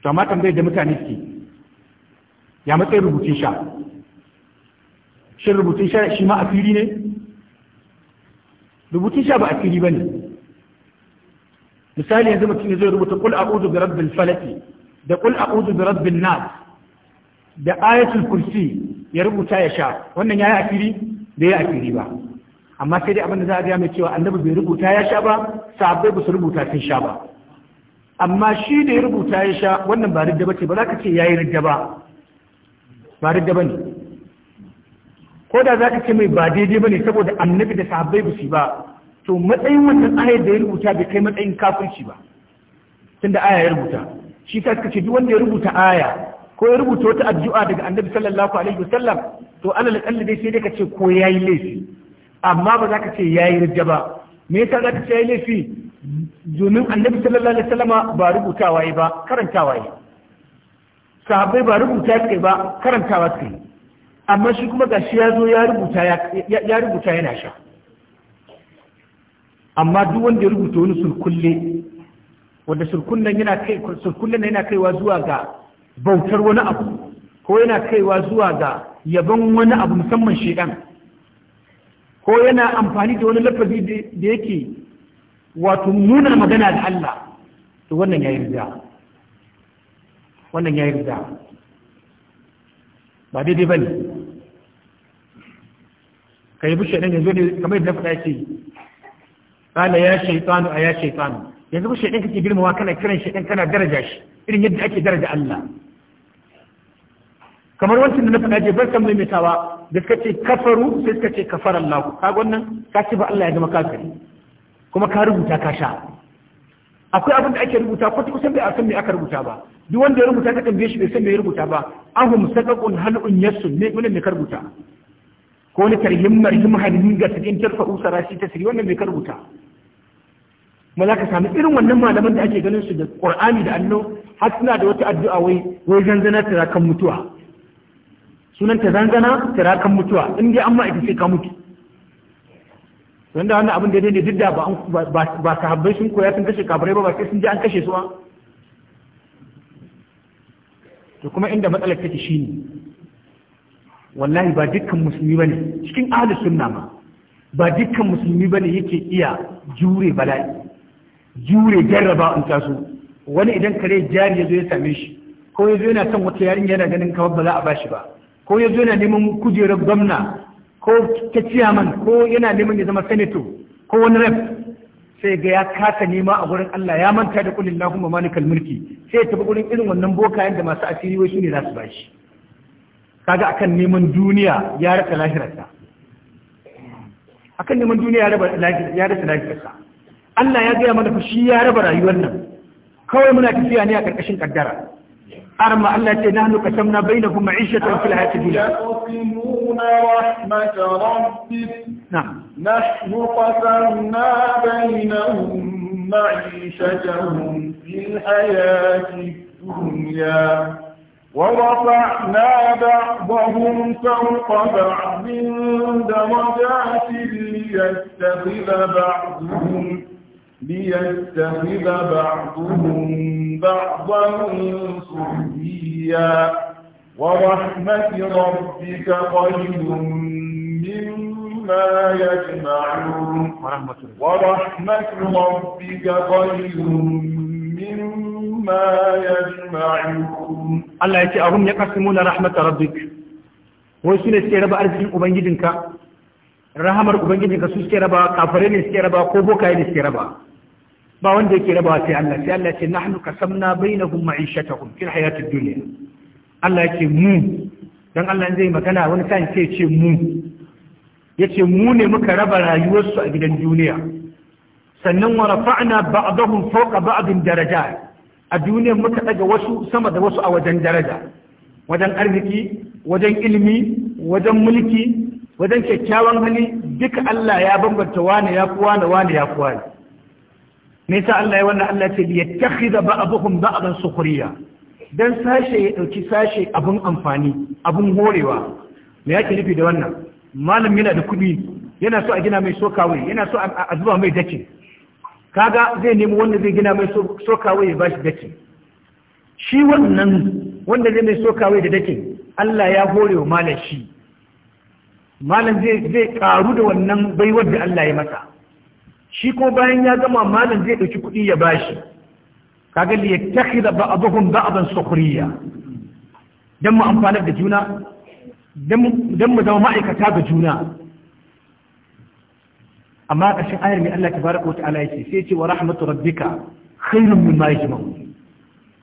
S1: to amma tambayar da mutane suke ya matsayin rubutun sha shin rubutun sha shi ma asiri ne rubutun sha ba asiri ba ne misali yanzu mutum ya zai rubuta kul a'udhu bi rabbil falaq da kul a'udhu bi rabbin nas da ayatul kursi ya rubuta ya sha wannan yayi asiri da a asiri ba amma sai dai abin da za a ga mai cewa annabi bai rubuta ya sha ba sahabbai ba su rubuta sun sha ba amma shi da ya rubuta ya sha wannan ba ridda ce, ba za ka ce yayi ridda ba ba da bane ko da za ka ce mai ba daidai bane saboda annabi da sahabbai ba su ba to matsayin wannan ayar da ya rubuta bai kai matsayin kafirci ba tunda aya ya rubuta shi ka kace duk wanda ya rubuta aya ko ya rubuta wata addu'a daga annabi sallallahu alaihi wasallam to ana kalli dai sai dai ka ce ko yayi laifi amma ba za ka ce yayi rijja ba me yasa za ka ce yayi laifi domin annabi sallallahu alaihi wasallama ba rubutawa yi ba karantawa yi sahabbai ba rubuta suka ba karantawa ba yi amma shi kuma ga shi ya zo ya rubuta yana sha amma duk wanda ya rubuta wani surkulle wanda surkullen yana kai kaiwa zuwa ga bautar wani abu ko yana kaiwa zuwa ga yabon wani abu musamman shedan ko yana amfani da wani lafazi da yake wato nuna magana da Allah to wannan yayi riya wannan ya yi rida ba daidai ba ne ka yi bushe ɗan yanzu ne kamar yadda faɗa ce ƙala ya shaitanu a ya shaitanu yanzu bushe ɗan kake girmawa kana kiran shi ɗan kana daraja shi irin yadda ake daraja Allah kamar wancan da na faɗa ce barkan maimaitawa da suka ce kafaru sai suka ce kafar Allah ka wannan ka ba Allah ya zama kafiri kuma ka rubuta ka sha akwai abin da ake rubuta kwata kusan bai a san me aka rubuta ba duk wanda ya rubuta ta biye shi bai san me ya rubuta ba ahum sadaqun halun yasun ne wannan me karbuta ko ni tarhim marhim halin ga sadin tarfa'u sarasi tasri wannan me ka rubuta ma ka sami irin wannan malaman da ake ganin su da qur'ani da allo har suna da wata addu'a wai wai zanzana kan mutuwa sunan ta zanzana kan mutuwa in dai amma ita sai ka mutu don da wannan abin da ne duk da ba sahabbai sun koya sun kashe kafirai ba ba sai sun ji an kashe su ba to kuma inda matsalar take ne, wallahi ba dukkan musulmi ba ne cikin ahlus sunna ma ba dukkan musulmi ba ne yake iya jure bala'i jure jarraba in taso wani idan kare jari ya zo ya same shi ko ya zo yana son wata yarinya yana ganin kawai ba za a shi ba ko ya zo yana neman kujerar gwamna ko ta ciyaman ko yana neman ya zama senator ko wani rep sai ga ya kasa nema a gurin Allah ya manta da kulin ma malikal mulki sai ya tafi gurin irin wannan bokayen da masu asiri wai shine za su bashi kaga akan neman duniya ya rasa lahirarsa akan neman duniya ya rasa lahirarsa. Allah ya gaya mana shi ya raba rayuwar nan kawai muna tafiya ne a ƙarƙashin ƙaddara أرمى ألا تنهن قسمنا بينهم معيشة في الحياة الدنيا يقسمون
S2: رحمة ربك نعم نحن قسمنا بينهم معيشتهم في الحياة الدنيا ورفعنا بعضهم فوق بعض درجات ليتخذ بعضهم ليتخذ بعضهم بعضا صحيا ورحمة ربك خير مما يجمعون ورحمة ربك خير مما يجمعون
S1: الله يتي يقسمون رحمة ربك ويسون السيرة بأرزين أبنجدنك rahamar ubangiji ka su suke raba kafare ne suke raba ko boka ne suke raba ba wanda yake raba sai Allah sai Allah ce nahnu qasamna bainahum ma'ishatahum fil hayatid dunya Allah yake mu dan Allah zai magana wani kan ce ce mu yace mu ne muka raba rayuwarsu a gidan duniya sannan wa rafa'na ba'dahum fawqa ba'din darajat a duniyar muka daga wasu sama da wasu a wajen daraja wajen arziki wajen ilimi wajen mulki wajen kyakkyawan hali duka Allah ya bambanta wani ya fi wani wani ya fi wani me yasa Allah ya wannan Allah ce bi yattakhidha ba'dhum ba'dan sukhriya dan sashe ya dauki sashe abun amfani abun horewa me yake nufi da wannan malam yana da kudi yana so a gina mai sokawai yana so a zuba mai dace kaga zai nemi wanda zai gina mai sokawai ya bashi dace shi wannan wanda zai mai sokawai da dace Allah ya hore wa malam shi malam zai karu da wannan baiwar da Allah ya masa shi ko bayan ya gama malam zai ɗauki kuɗi ya bashi kaga li yattakhidha ba'dhum ba'dan sukhriya dan mu amfana da juna dan mu zama ma'aikata ga juna amma ƙarshen ayar mai Allah tabaraka wata'ala yake sai ce wa rahmatu rabbika khairun mimma yajma'un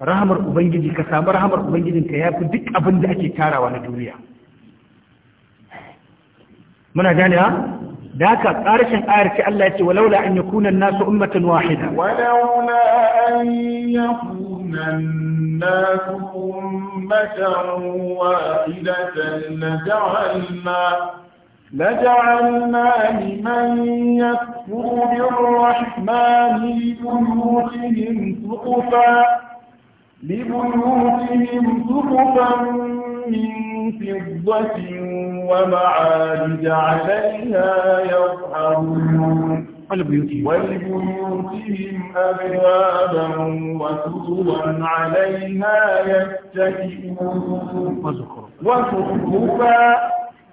S1: rahmar ubangiji ka samu rahmar ubangijinka yafi duk abin da ake tarawa na duniya muna gane ha da haka ƙarshen ayar ce Allah ya ce walaula an yakuna an-nasu ummatan wahida
S2: walaula an yakuna an-nasu ummatan wahidatan laja'alna لجعلنا لمن يكفر بالرحمن لبيوتهم سقفا لبيوتهم سقفا من فضة ومعارج عليها يرحمون ولبيوتهم أبوابا وسطوا عليها يتكئون وسقفا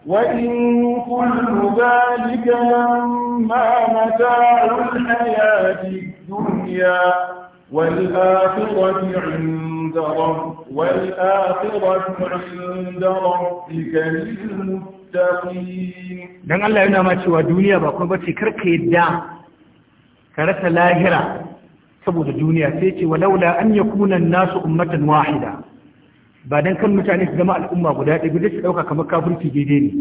S2: وإن كل ذلك لما متاع الحياة الدنيا والآخرة عند رب والآخرة عند ربك للمتقين dan Allah yana ma cewa duniya
S1: ba kuma bace ka yadda ka rasa lahira saboda duniya sai ce walaula an ya an-nasu ummatan wahida ba kan mutane su zama al'umma guda ɗaya guda su dauka kamar kafirci daidai ne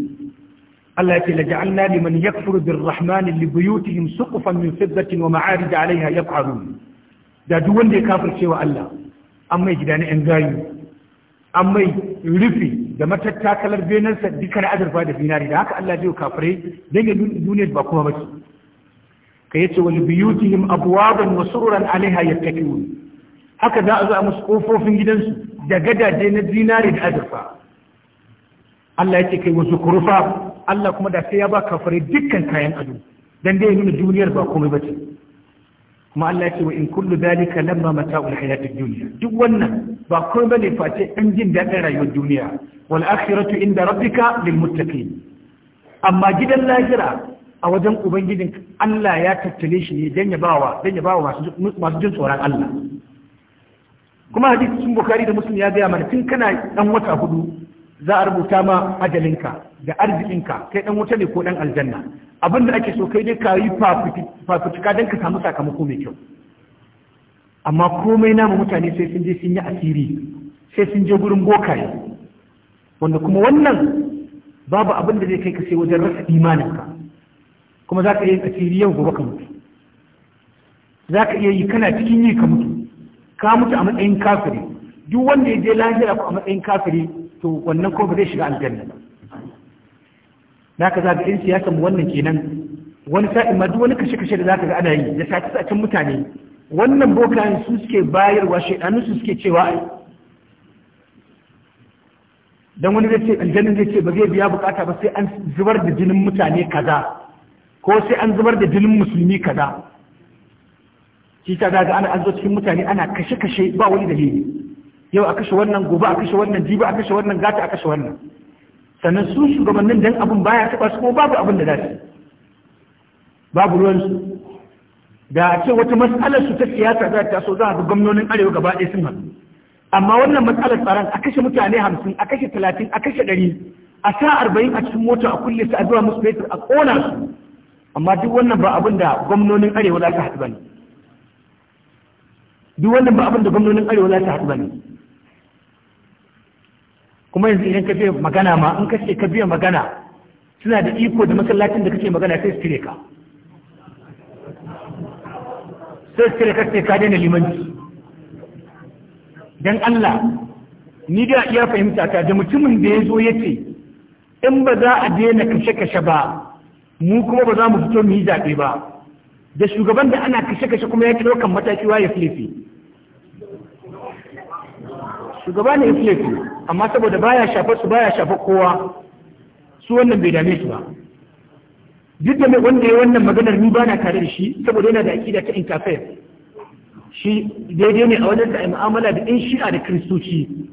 S1: Allah ya ce la ja'alna liman yakfuru birrahmani li buyutihim suqufan min fiddatin wa ma'arij 'alayha yaq'arun da duk wanda ya kafirce wa Allah an mai gida na yan gayu an mai rufi da matattakalar benarsa duka na azurfa da zinari da haka Allah zai kafirai don ya duniya ba kuma ba ka yace wal biyutihim abwaban wa sururan alaiha yattaqun haka za a zo a musu kofofin gidansu da gadaje na zinari da azurfa Allah yake kai wasu kurufa Allah kuma da sai ya ba kafare dukkan kayan ado dan dai nuna duniyar ba komai bace kuma Allah ce wa in kullu dalika lamma mata'ul hayatid dunya duk wannan ba komai bane face yan jin dadin rayuwar duniya wal akhiratu inda rabbika lil muttaqin amma gidan lahira a wajen ubangijin Allah ya tattale shi ne dan ya bawa dan ya bawa masu jin tsoron Allah kuma hadisi sun bukari da muslim ya gaya mana tun kana dan wata hudu za a rubuta ma ajalinka da arzikinka kai dan wuta ne ko dan aljanna abin da ake so kai dai ka yi fafutuka don ka samu sakamako mai kyau amma komai namu mutane sai sun je sun yi asiri sai sun je gurin bokaye wanda kuma wannan babu abin da zai kai ka sai wajen rasa imaninka kuma za ka iya asiri yau gobe ka mutu za ka iya yi kana cikin yi ka mutu ka mutu a matsayin kafiri duk wanda ya je lahira ku a matsayin kafiri to wannan ko ba zai shiga aljanna ba na ka zaga in siyasa mu wannan kenan wani sa'in ma duk wani kashe-kashe da zaka ga ana yi da sace sacen mutane wannan bokayen su suke bayarwa shaidanu su suke cewa dan wani zai ce aljanna zai ce ba zai biya bukata ba sai an zubar da jinin mutane kaza ko sai an zubar da jinin musulmi kaza shi ta zaga ana an zo cikin mutane ana kashe-kashe ba wani dalili yau a kashe wannan gobe a kashe wannan jibi a kashe wannan gata a kashe wannan sannan su shugabannin dan abin baya taba su ko babu abin da za su babu su. da a ce wata matsalar su ta siyasa za ta so za a bi gwamnonin arewa gaba ɗaya sun haɗu amma wannan matsalar tsaron a kashe mutane hamsin a kashe talatin a kashe ɗari a sa arba'in a cikin mota a kulle su a zuwa musu fetur a ƙona su amma duk wannan ba abin da gwamnonin arewa za ta haɗu ba ne duk wannan ba abin da gwamnonin arewa za ta haɗu ba ne kuma yanzu idan ka biya magana ma in ka ce ka biya magana suna da iko da masallacin da kake magana sai su cire ka sai su cire ka sai ka daina limanci dan Allah ni da iya fahimta ta da mutumin da ya zo ya ce in ba za a daina kashe-kashe ba mu kuma ba za mu fito mu yi zaɓe ba da shugaban da ana kashe-kashe kuma ya kiro kan mataki wa ya filefi
S2: shugaba ne ya filefi amma
S1: saboda baya shafa su baya shafa kowa su wannan bai dame su ba duk da mai wanda ya wannan maganar ni ba na tare da shi saboda yana da aqida ta inkafe shi daidai ne a wajen da mu'amala da ɗan shi'a da kiristoci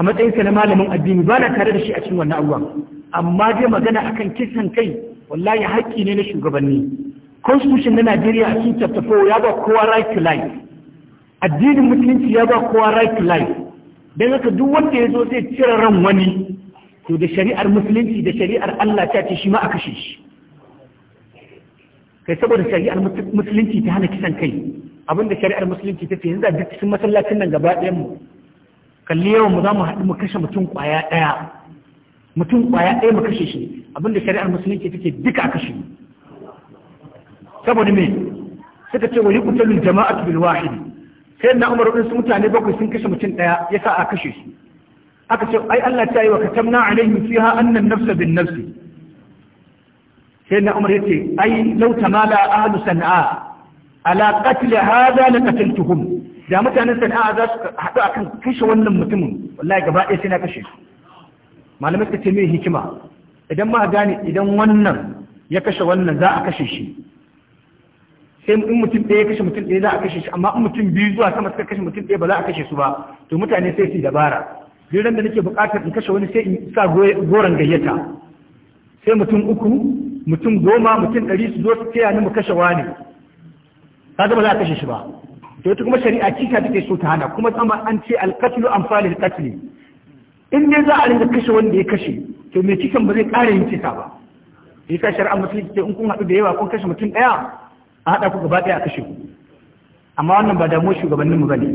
S1: a sa na malamin addini ba tare da shi a cikin wannan abubuwan amma dai magana akan kisan kai wallahi haƙƙi ne na shugabanni constitution na Najeriya a cikin chapter 4 ya ba kowa right to life addinin musulunci ya ba kowa right to life don haka duk wanda ya zo zai cire ran wani to da shari'ar musulunci da shari'ar Allah ta ce shi ma a kashe shi kai saboda shari'ar musulunci ta hana kisan kai abinda shari'ar musulunci ta ce yanzu duk cikin masallacin nan gaba ɗayan mu kalli yawan mu za mu haɗu mu kashe mutum ƙwaya ɗaya mutum ƙwaya ɗaya mu kashe shi abinda shari'ar musulunci ta ce duka a kashe saboda me suka ce wa yi kutalin jama'atu bil wahidi sai na umar su mutane bakwai sun kashe mutum ɗaya ya sa a kashe shi aka ce ai Allah ta yi wa katamna alaihim fiha annan nafsa bin nafsi sai na umar yace ai law tamala ahlu sana'a ala qatl hada la qataltuhum da mutanen sana'a za su haɗu akan kashe wannan mutumin wallahi gaba ɗaya sai na kashe su malamai suka ce me hikima idan ma gane idan wannan ya kashe wannan za a kashe shi sai in mutum ɗaya kashe mutum ɗaya za a kashe shi amma in mutum biyu zuwa sama suka kashe mutum ɗaya ba za a kashe su ba to mutane sai su dabara duk da nake buƙatar in kashe wani sai in sa goran gayyata sai mutum uku mutum goma mutum ɗari su zo su taya ni mu kashe wani ka ba za a kashe shi ba to ita kuma shari'a kika take so ta hana kuma amma an ce alqatlu amsalil qatli in ne za a rinka kashe wanda ya kashe to me kikan ba zai ƙara yin kisa ba yasa shari'a musulunci in kun haɗu da yawa kun kashe mutum ɗaya a haɗa ku gaba ɗaya a kashe ku amma wannan ba damu shugabannin mu bane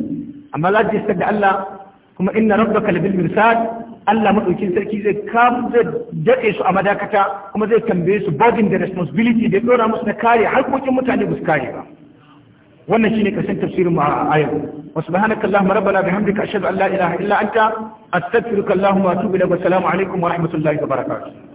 S1: amma za ta isar da Allah kuma inna rabbaka labil mirsad Allah madaukin sarki zai kam zai dade su a madakata kuma zai tambaye su burden da responsibility da dora musu na kare harkokin mutane ba su kare ba wannan shine kasan tafsirin mu a yau wa subhanaka allahumma rabbana bihamdika ashhadu an la ilaha illa anta astaghfiruka allahumma wa atubu ilaik wa assalamu alaikum wa rahmatullahi wa barakatuh